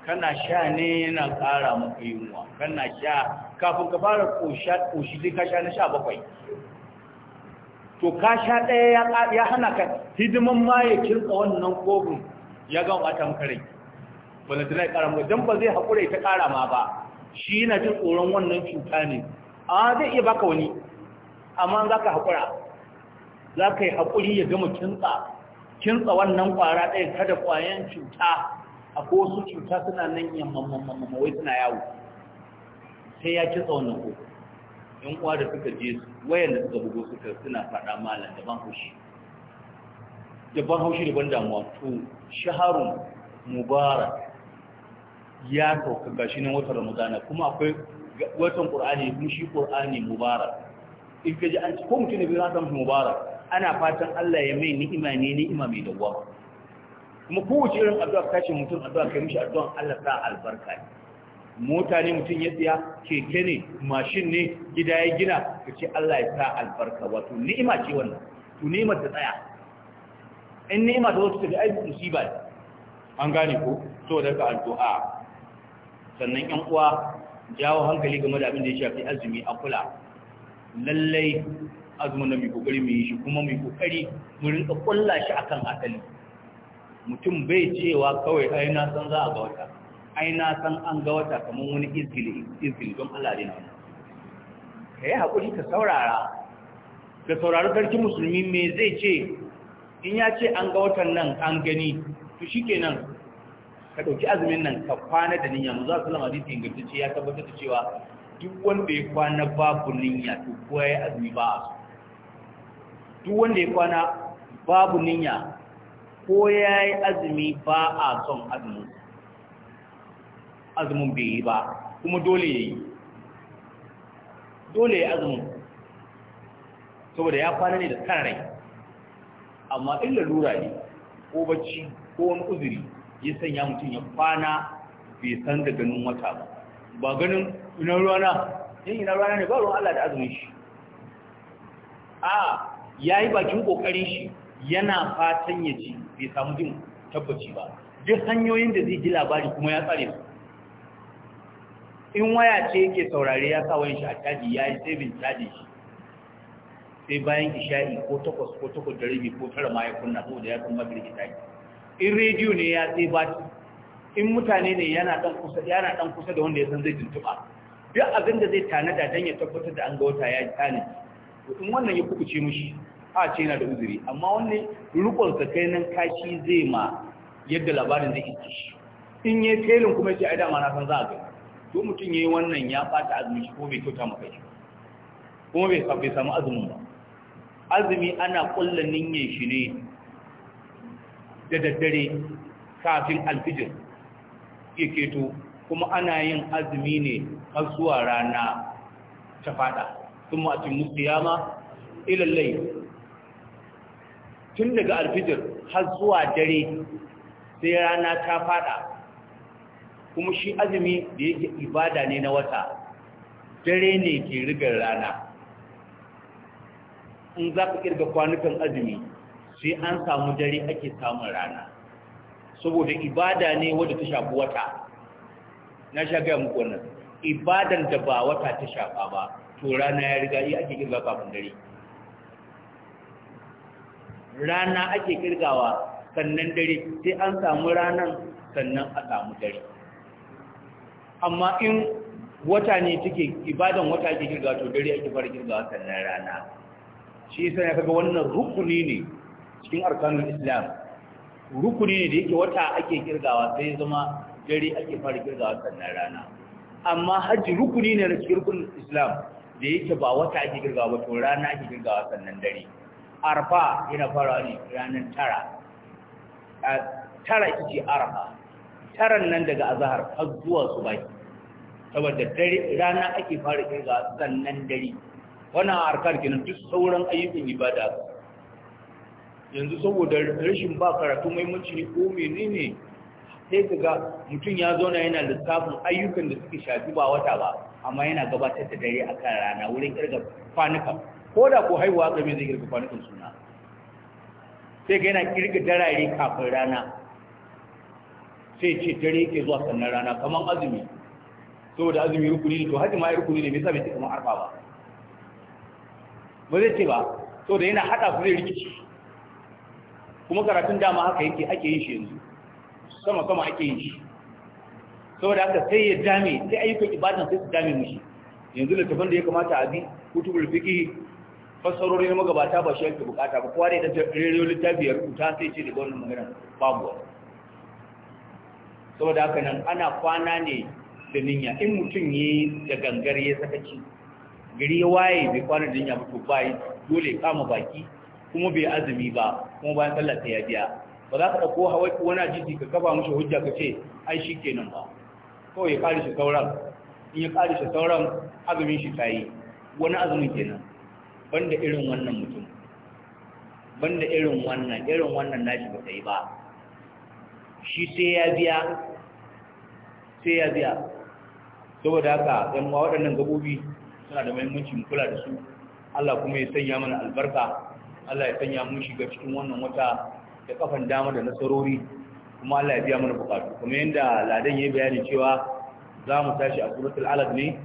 Speaker 1: kana sha ne yana ƙara maka yunwa kana sha kafin ka fara ƙoshi zai ka sha na sha bakwai to ka sha ɗaya ya hana ka hidiman ma ya kirka wannan kogin, ya ga wata makarai balantana ya ƙara maka don ba zai haƙura ita ƙara ma ba shi yana jin tsoron wannan cuta ne a zai iya baka wani amma za ka haƙura za ka yi haƙuri ya gama kinsa kinsa wannan kwara ɗaya kada kwayan cuta a ko su cuta suna nan yin wai suna yawo sai ya kisa wannan ko yan uwa da suka je wayan da suka bugo suka suna faɗa malam da ban haushi da ban haushi da ban damuwa to shaharun mubarak ya sauka gashi nan watan ramadana kuma akwai watan qur'ani kuma shi qur'ani mubarak in ka ji an ko mutum ne na samun mubarak ana fatan Allah ya mai ni'ima ne ni'ima mai dawwa kuma kowace irin addu'a ka ce mutum addu'a kai mishi addu'a Allah sa albarka mota ne mutum ya tsaya keke ne mashin ne gida ya gina ka ce Allah ya sa albarka wato ni'ima ce wannan to ni'imar ta tsaya in ni'ima ta zo ta ga aiki musiba ne an gane ko to daga addu'a sannan yan uwa jawo hankali game da abin da ya shafi azumi a kula lallai azumin da mai kokari mu yi shi kuma mai kokari mu rinka kulla shi akan asali mutum bai cewa kawai ai na san za a ga wata ai na san an ga wata kamar wani izgili izgili don Allah dai na ka yi haƙuri ka saurara ka saurari sarki musulmi me zai ce in ya ce an ga watan nan an gani to shikenan ka ɗauki azumin nan ka kwana da niyya mu za su lama hadisi ingantacce ya tabbatar da cewa duk wanda ya kwana babu niyya to kowa ya azumi ba a so duk wanda ya kwana babu niyya ko ya yi azumi ba a son azumin azumin bai yi ba kuma dole ya yi dole ya azumin saboda ya kwana ne da karai amma illa lura ne ko bacci ko wani uzuri ya sanya mutum ya kwana bai san da ganin wata ba ba ganin ina rana yin ina rana ne ba ruwan Allah da azumin shi a ya yi bakin ƙoƙarin shi yana fatan ya ji bai samu jin tabbaci ba duk hanyoyin da zai ji labari kuma ya tsare su in waya ce yake saurare ya sa wayan shi a caji ya yi saving caji shi sai bayan isha'i ko takwas ko takwas da rabi ko tara ma ya kunna da ya san magrib yi in rediyo ne ya sai ta. in mutane ne yana dan kusa yana dan kusa da wanda ya san zai tuntuba duk abin da zai tanada dan ya tabbatar da an ga wata ya tanada to in wannan ya kubuce mashi a ce yana da uzuri amma wannan rukon sa kai nan kashi zai ma yadda labarin zai iske shi in yayi tailin kuma ce ai dama na san za a ga to mutum yayi wannan ya fata azumi ko bai kyauta maka shi kuma bai bai samu azumin ba azumi ana kullun niyyar shi ne da daddare kafin alfijir ya keto kuma ana yin azumi ne har zuwa rana ta fada ثم أتم القيامة إلى الليل tun daga alfijir har zuwa dare sai rana ta fada kuma azumi da yake ibada ne na wata dare ne ke rigar rana in za ka kirga kwanukan azumi sai an samu dare ake samun rana saboda ibada ne wadda ta shafi wata na sha gaya muku wannan ibadan da ba wata ta shafa ba to rana ya riga yi ake kirga kafin dare rana ake kirgawa sannan dare sai an samu ranan sannan a samu dare amma in wata ne take ibadan wata ake kirga to dare ake fara kirgawa sannan rana shi sai kaga wannan rukuni ne cikin arkanul islam rukuni ne da yake wata ake kirgawa sai zama dare ake fara kirgawa sannan rana amma hajji rukuni ne na cikin rukunin islam da yake ba wata ake girga ba to rana ake girgawa sannan dare arfa yana fara ne ranar tara tara ita ce arfa taran nan daga azahar har zuwa subai saboda dare rana ake fara girga sannan dare wannan harkar kenan duk sauran ayyukan ibada yanzu saboda rashin ba karatu muhimmanci ne ko menene sai su ga mutum ya zauna yana lissafin ayyukan da suke shafi ba wata ba amma yana gabatar da dare a kan rana wurin kirga kwanukan ko da ko haihuwa game zai kirga kwanukan suna sai ga yana ƙirga darare kafin rana sai ce dare yake zuwa sannan rana kamar azumi saboda azumi rukuni ne to haji ma rukuni ne me yasa bai ce kamar arfa ba ba zai ce ba saboda yana hada su zai rikici kuma karatun dama haka yake ake yin shi yanzu sama sama ake yi shi saboda haka sai ya dame sai ayyukan ibadan sai su dame mushi yanzu littafin da ya kamata a bi kutubul fiqh fasarorin na magabata ba shi yake bukata ba kowa da ita rediyo littafi ya rubuta sai ce da wannan magana babu wa saboda haka nan ana kwana ne da ninya in mutum yi da gangar ya sakaci gari ya waye bai kwana da ninya ba to bai dole kama baki kuma bai azumi ba kuma bayan sallah sai ya biya ba za ka ɗauko hawa wani hadisi ka kafa mashi hujja ka ce ai shi kenan ba kawai ya ƙari shi sauran in ya ƙari shi sauran azumin shi ta yi wani azumin kenan banda irin wannan mutum banda irin wannan irin wannan nashi ba ta yi ba shi sai ya biya sai ya biya saboda haka yan ma waɗannan gabobi suna da muhimmancin kula da su Allah kuma ya sanya mana albarka Allah ya sanya mun shiga cikin wannan wata da kafan dama da nasarori kuma Allah ya biya mana bukatu kuma yanda ladan yayi bayani cewa za mu tashi a suratul alad ne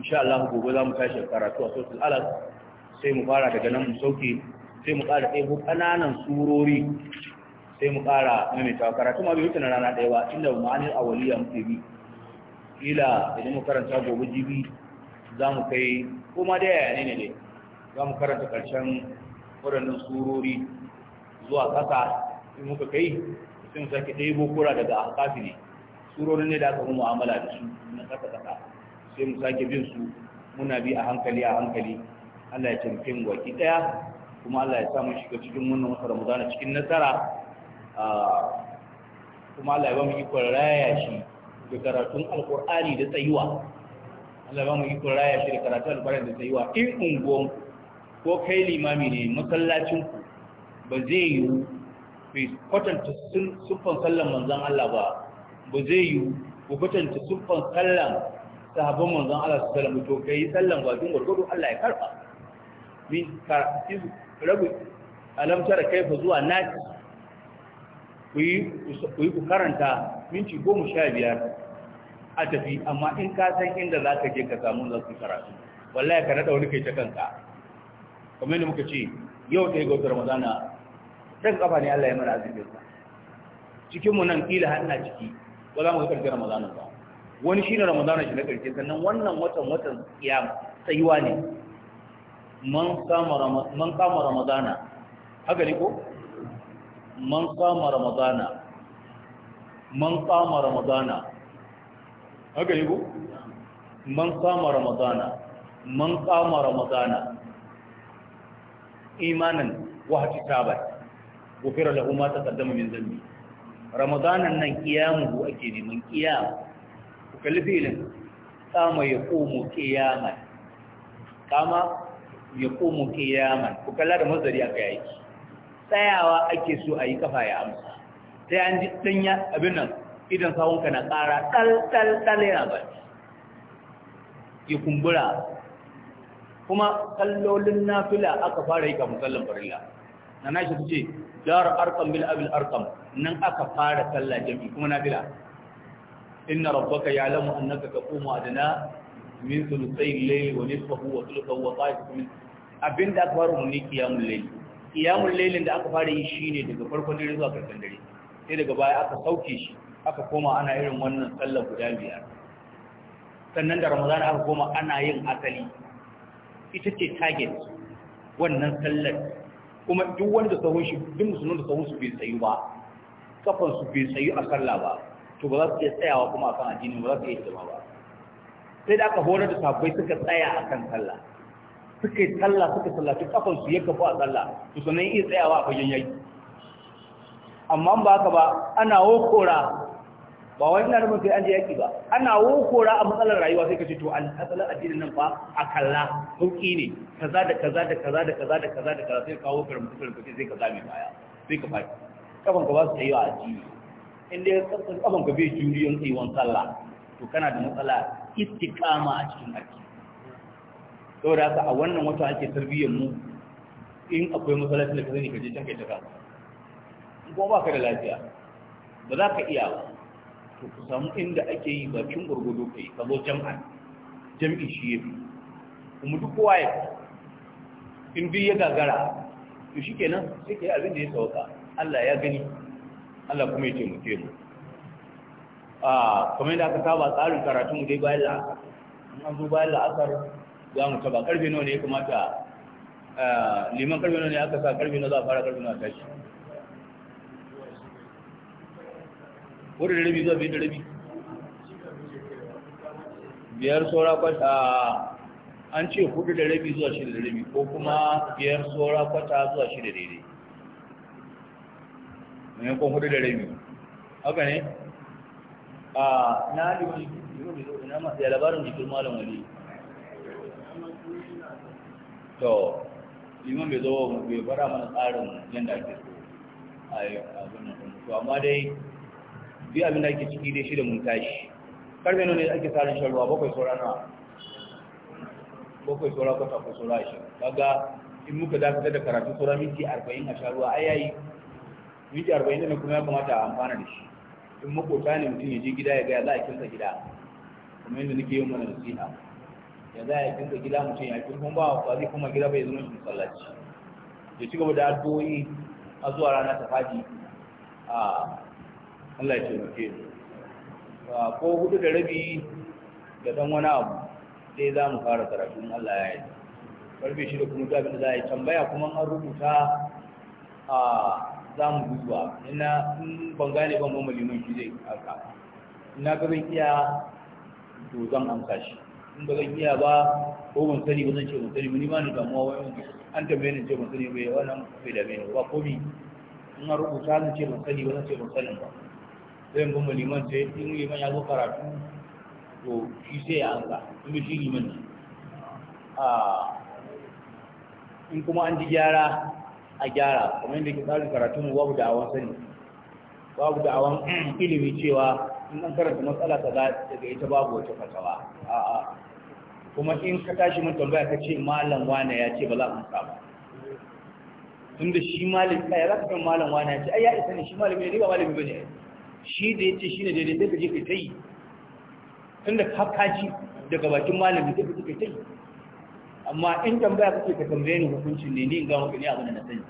Speaker 1: insha Allah gobe za mu tashi a karatu a suratul alad sai mu fara daga nan mu sauke sai mu ƙara ɗebo ƙananan surori sai mu ƙara maimaita karatu ma bai wuce na rana ɗaya ba inda ma'anin awaliya muke bi kila idan mu karanta gobe jibi za mu kai ko ma da yaya ne ne dai za mu karanta ƙarshen waɗannan surori zuwa ƙasa in muka kai sun sake ɗebo kura daga ahkafi ne surorin ne da aka mu mu'amala da su na ƙasa ƙasa sai mu sake bin su muna bi a hankali a hankali Allah ya taimake mu baki ɗaya kuma Allah ya samu shiga cikin wannan wata Ramadana cikin nasara kuma Allah ya ba mu ikon raya shi da karatun alkur'ani da tsayuwa Allah ya ba mu ikon raya shi da karatun alkur'ani da tsayuwa in unguwan ko kai limami ne masallacin ku ba zai yi bai kwatanta siffan sallan manzan Allah ba ba zai yi ku kwatanta siffan sallan sahabban manzan Allah su salamu to kai yi sallan ba jin gwargwado Allah ya karɓa. min ka iz rabu alamtar kaifa zuwa nati ku yi ku karanta minti goma sha biyar a tafi amma in ka san inda za ka je ka samu za su karatu wallahi ka nada wani kai ta kanka kamar yadda muka ce yau ta yi gautar ramadana daga kafa ne Allah ya mana azumin sa cikin mu nan kila har ina ciki ba za mu ga karshen Ramadan ba wani shine Ramadan shi na karshe sannan wannan watan watan kiyama tsayuwa ne man kama Ramadan man kama Ramadan haka ne ko man kama Ramadan man kama Ramadan haka ne ko man kama Ramadan man kama Ramadan imanan wa ihtisaban gufira lahu ma taqaddama min zambi. ramadanan nan kiyamu ake neman kiyam ku kalli filin kama ya komo kiyaman kama ya komo kiyaman ku kalla da mazari aka yi tsayawa ake so a yi kafa ya amsa sai an ji danya abin nan idan sawunka na ƙara tal tal tal yana ba ya kumbura kuma kallolin nafila aka fara yi ka musallin farilla na nashi su ce dar arqam bil abil arqam nan aka fara sallah jami'i kuma nafila inna rabbaka ya'lamu annaka taqumu adna min thuluthay al-layl wa nisfahu wa thuluthahu wa ta'ifun abinda aka fara mun ne qiyamul layl qiyamul laylin da aka fara yi shine daga farkon dare zuwa karshen sai daga baya aka sauke shi aka koma ana irin wannan sallar guda biyar sannan da ramadan aka koma ana yin asali ita ce target wannan sallar kuma duk da sahun shi duk musulmin da sahun su bai tsayu ba kafan su bai tsayu a sallah ba to ba za su iya tsayawa kuma akan addini ba za su iya hidima ba sai da aka horar da sabbai suka tsaya akan sallah suka yi sallah suka sallaci kafan su ya kafa a sallah to sannan iya tsayawa a fagen yaki amma ba haka ba ana hokora ba wai ina nufin sai an je yaki ba ana wokora a matsalar rayuwa sai ka ce to an matsalar addinin nan fa a kalla sauki ne kaza da kaza da kaza da kaza da kaza da kaza sai kawo karamta karamta sai ka zame baya sai ka faɗi kafan ka ba su tsayewa a addini in dai tsantsan kafan ka bai juriyan tsayuwan sallah to kana da matsala istiqama a cikin addini saboda haka a wannan wata ake tarbiyyar mu in akwai matsala sai ka zai ka je can kai ta kasa kuma ba ka da lafiya ba za ka iya ba to ku samu inda ake yi bakin gurgudu kai ka zo jam'a jam'i shi yafi kuma duk kowa ya in bi ya gagara to shikenan sai kai abin da ya sauka Allah ya gani Allah kuma ya taimake mu a kamar da aka saba tsarin karatu mu dai bayan la'asar in an zo bayan la'asar za mu taba karfe nawa ne ya kamata eh, liman karfe nawa ne aka sa karfe nawa za a fara karfe nawa tashi hudu da rabi zuwa biyu da rabi biyar saura kwata an ce hudu da rabi zuwa shida da rabi ko kuma biyar saura kwata zuwa shida daidai maimakon hudu da rabi haka ne a na liman ina masu labarin jikin malam wali to liman bai zo bai fara mana tsarin yadda ake so a yi abin amma dai biyu abin da ake ciki dai shi da mun tashi karfe ne ake tsarin shalwa bakwai saura nawa bakwai saura kwata ko saura shi daga in muka za da karatu saura minti arba'in a shalwa a yayi minti arba'in da kuma ya kamata a amfana da shi in makota ne mutum ya je gida ya ga za a kinsa gida kuma yadda nake yin mana nasiha ya za a kinsa gida mutum ya fi kuma ba wa kuma gida bai zama shi masallaci ya ci gaba da addu'o'i a zuwa rana ta fadi. Ah, Allah ya taimake ba ko hudu da rabi da dan wani abu sai za mu fara in Allah ya yi karfe da kuma ta abin da za a yi tambaya kuma an rubuta a za mu duba ina in ban gane ban mamma liman shi zai aka ina ga zan iya to zan amsa shi in ba zan iya ba ko ban sani ba zan ce ban sani ba ni ba ni damuwa wani an tambaye ni ce ban sani ba wannan bai da ni ba komi in an rubuta zan ce ban sani ba zan ce ban sani ba zai bin mu liman sai in liman ya zo karatu to shi sai ya ansa in bi shi liman ne in kuma an ji gyara a gyara kuma inda ke tsarin karatu mu babu da'awan sani babu da'awan ilimi cewa in an karanta matsala ta daga ita babu wata fatawa a'a kuma in ka tashi mun tambaya ka ce malam wane ya ce ba za a ba tunda shi malami ya za ka kan malam wani ya ce ai ya isa ne shi malam ne ba malam ba ne shi da ya ce shi ne daidai sai ka je kai ta yi tun da kakaji daga bakin malami sai ka je kai ta yi amma in tambaya kake ka tambaye ni hukuncin ne ni in ga maka ne abin da na sani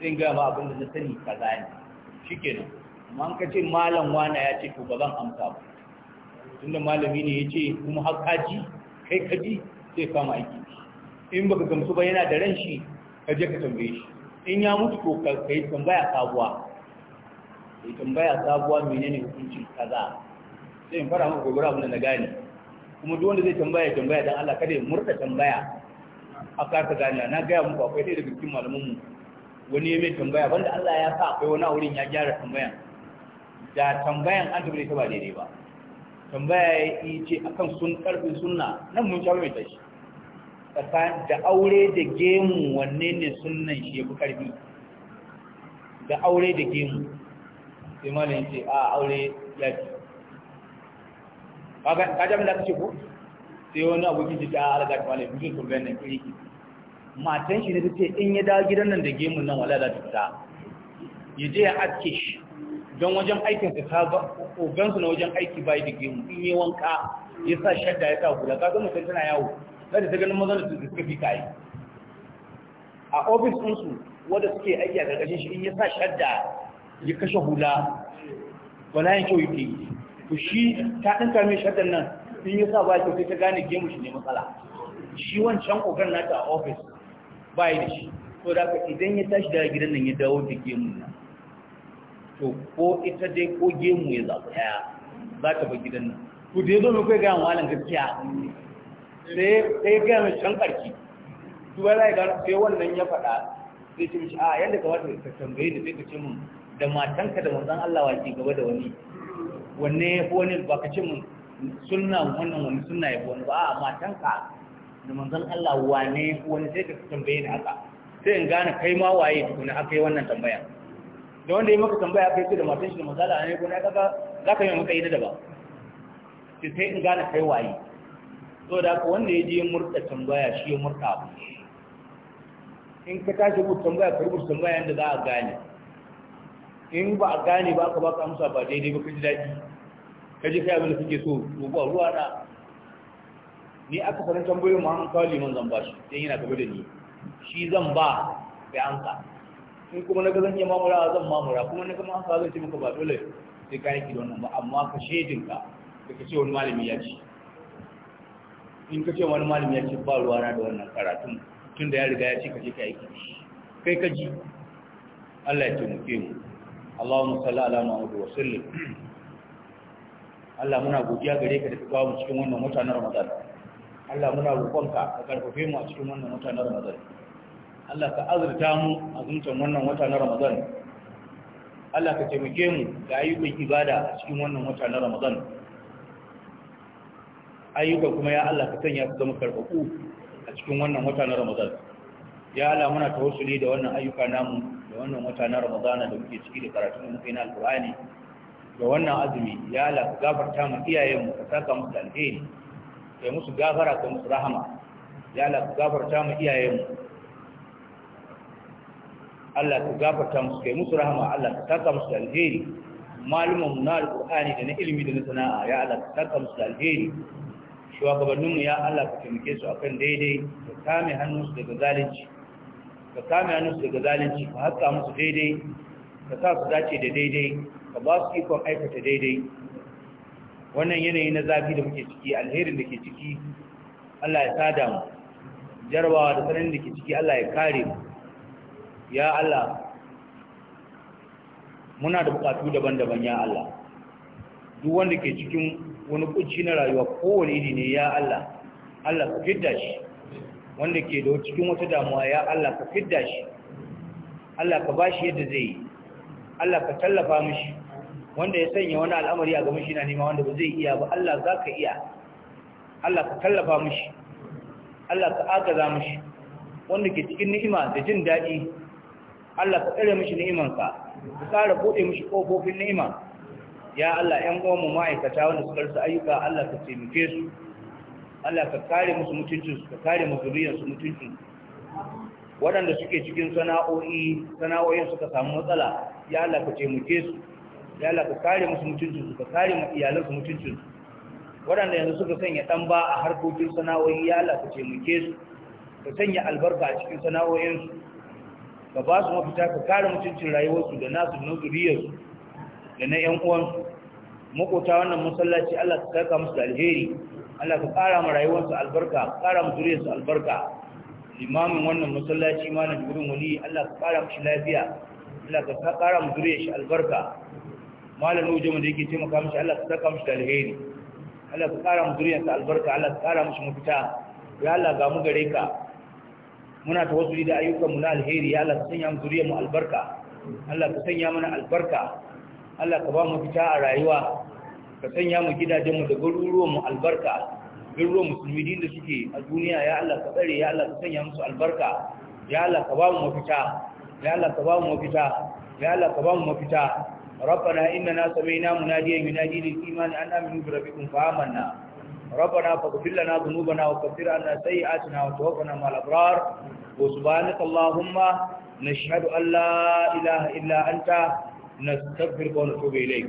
Speaker 1: sai in ga ma abin da na sani ka shi ne nan amma an ka ce malam wani ya ce to ba zan amsa ba tunda malami ne ya ce kuma hakaji kai kaji sai kama aiki in baka gamsu ba yana da ran shi ka je ka tambaye shi in ya mutu ko ka yi tambaya sabuwa ya tambaya sabuwa menene hukuncin kaza sai in fara muku gogora abin da na gane kuma duk wanda zai tambaya tambaya dan Allah kada ya murda tambaya a ta gane na gaya muku akwai dai daga cikin malamanmu wani ya mai tambaya banda Allah ya sa akwai wani wurin ya gyara tambayan da tambayan an tabbata ta ba daidai ba tambaya ya yi ce akan sun karfi sunna nan mun shawo mai tashi da aure da gemu wanne ne sunnan shi ya fi karfi da aure da gemu sai malam ce a aure ya ji kaga kaga da kace ko sai wani abokin ji ta alga ta malam mijin turban nan kiri matan shi ne ce in ya dawo gidan nan da gemun nan wala da ta ya je ya aske shi don wajen aikin ka ta ba ogan su na wajen aiki bai da gemu in yi wanka ya sa shadda ya sa hula kaga mutum tana yawo kada ta ganin mazan da suka fi yi. a ofis ɗinsu wanda suke aiki a ƙarƙashin shi in ya sa shadda ya kashe hula wala ya kyau yake yi to shi ta ɗan kame shatan nan in ya sa ba kyau sai ta gane gemu shi ne matsala shi wancan ogan nata a ofis ba yi da shi to da ka idan ya tashi daga gidan nan ya dawo da gemu nan to ko ita dai ko gemu ya zaɓa ɗaya za ta ba gidan nan ku da ya zo mai kai gaya malam gaskiya sai ya gaya mai can ƙarki duba ya gano sai wannan ya faɗa sai ce mishi a yadda kamata ka tambaye ni sai ka ce mun da matanka da manzon Allah wace gaba da wani wanne ya wani ba ka ce mun sunna wannan wani sunna yafi wani ba a matanka da manzon Allah wane ne wani sai ka tambaye ni haka sai in gane kai ma waye tukuna aka yi wannan tambaya da wanda ya maka tambaya akai, yi da matan shi da manzon Allah ne ko na kaga za ka yi maka yi da ba sai in gane kai waye so da haka wanda ya je murta tambaya shi ya murta in ka tashi rubuta tambaya ka rubuta tambaya yadda za a gane in ba a gane ba ka baka amsa ba daidai ba kaji daɗi kaji kai abin da suke so to ba ruwa da. ni aka sanin tambayoyin mu an kawo liman zan ba shi dan yana gaba da ni shi zan ba ga amsa in kuma na ga zan iya mamura zan mamura kuma na ma amsa zan ce maka ba dole sai ka yanki da wannan ba amma ka shedinka Sai ka ce wani malami ya ci. in ka ce wani malami ya ci, ba ruwa na da wannan karatun tunda ya riga ya ce ka je ka aiki kai ka ji Allah ya taimake mu Allahumma salli ala Muhammad wa sallim Allah muna godiya gare ka da ka mu cikin wannan wata na Ramadan Allah muna roƙonka ka karfafe mu a cikin wannan wata na Ramadan Allah ka azurta mu a zuncin wannan wata na Ramadan Allah ka taimake mu da ayyukan ibada a cikin wannan wata na Ramadan ayyuka kuma ya Allah ka sanya su zama karfafu a cikin wannan wata na Ramadan ya Allah muna tawassuli da wannan ayyuka namu da wannan wata na ramadana da muke ciki da karatu na muke na alkur'ani da wannan azumi ya la ka gafarta mu iyayen mu ka saka musu alheri kai musu gafara ka musu rahama ya la ka gafarta mu iyayen mu Allah ka gafarta musu kai musu rahama Allah ka saka musu alheri malumin mu na alkur'ani da na ilimi da na sana'a ya Allah ka saka musu alheri shugabanninmu ya Allah ka taimake su akan daidai ka kame hannunsu daga zalunci ka kame hannunsu daga zalunci ka haska musu daidai ka sa su dace da daidai ka ba su ikon aikata daidai wannan yanayi na zafi da muke ciki alherin da ke ciki Allah ya sada mu jarabawa da sanin da ke ciki Allah ya kare mu ya Allah muna da bukatu daban-daban ya Allah duk wanda ke cikin wani kunci na rayuwa kowane iri ne ya Allah Allah ka fidda shi wanda ke da cikin wata damuwa ya Allah ka fidda shi Allah ka ba shi yadda zai yi Allah ka tallafa mishi wanda ya sanya wani al'amari a gaban shi na nema wanda ba zai iya ba Allah za ka iya Allah ka tallafa mishi Allah ka agaza mishi wanda ke cikin ni'ima da jin daɗi Allah ka tsare mishi ni'imanka ka tsara buɗe mishi ƙofofin ni'ima ya Allah ‘yan mu ma'aikata wanda suka rasa ayyuka Allah ka taimake su Allah ka kare musu mutuncinsu ka kare mazuriyarsu mutuncinsu waɗanda suke cikin sana'o'i sana'o'in suka samu matsala ya Allah ka taimake su ya Allah ka kare musu mutuncinsu ka kare iyalansu mutuncinsu waɗanda yanzu suka sanya ɗan ba a harkokin sana'o'i ya Allah ka taimake su ka sanya albarka a cikin sana'o'insu ka ba su mafita ka kare mutuncin rayuwarsu da nasu da nazuriyarsu da na 'yan uwansu makota wannan masallaci Allah ka saka musu da alheri Allah ka ƙara ma rayuwarsu albarka ƙara ma zuriyarsu albarka limamin wannan masallaci ma na gurin wani Allah ka ƙara mishi lafiya Allah ka ƙara ma zuriyar shi albarka malam Nuhu wanda da yake taimaka mashi, Allah ka saka mashi da alheri Allah ka ƙara ma zuriyarsa albarka Allah ka ƙara mashi mafita ya Allah ga mu gare ka muna wasu da ayyukan mu na alheri ya Allah ka sanya mu zuriyar mu albarka Allah ka sanya mana albarka Allah ka ba mu fita a rayuwa ka sanya mu gidajenmu da garuruwanmu albarka garuruwan musulmi din da suke a duniya ya Allah ka tsare ya Allah ka sanya musu albarka ya Allah ka ba mu mafita ya Allah ka ba mu mafita ya Allah ka ba mu mafita ربنا إننا سمعنا مناديا ينادي للإيمان أن آمنوا بربكم فآمنا ربنا فاغفر لنا ذنوبنا وكفر عنا سيئاتنا وتوفنا مع الأبرار وسبحانك اللهم نشهد أن لا إله إلا أنت نستغفرك ونتوب إليك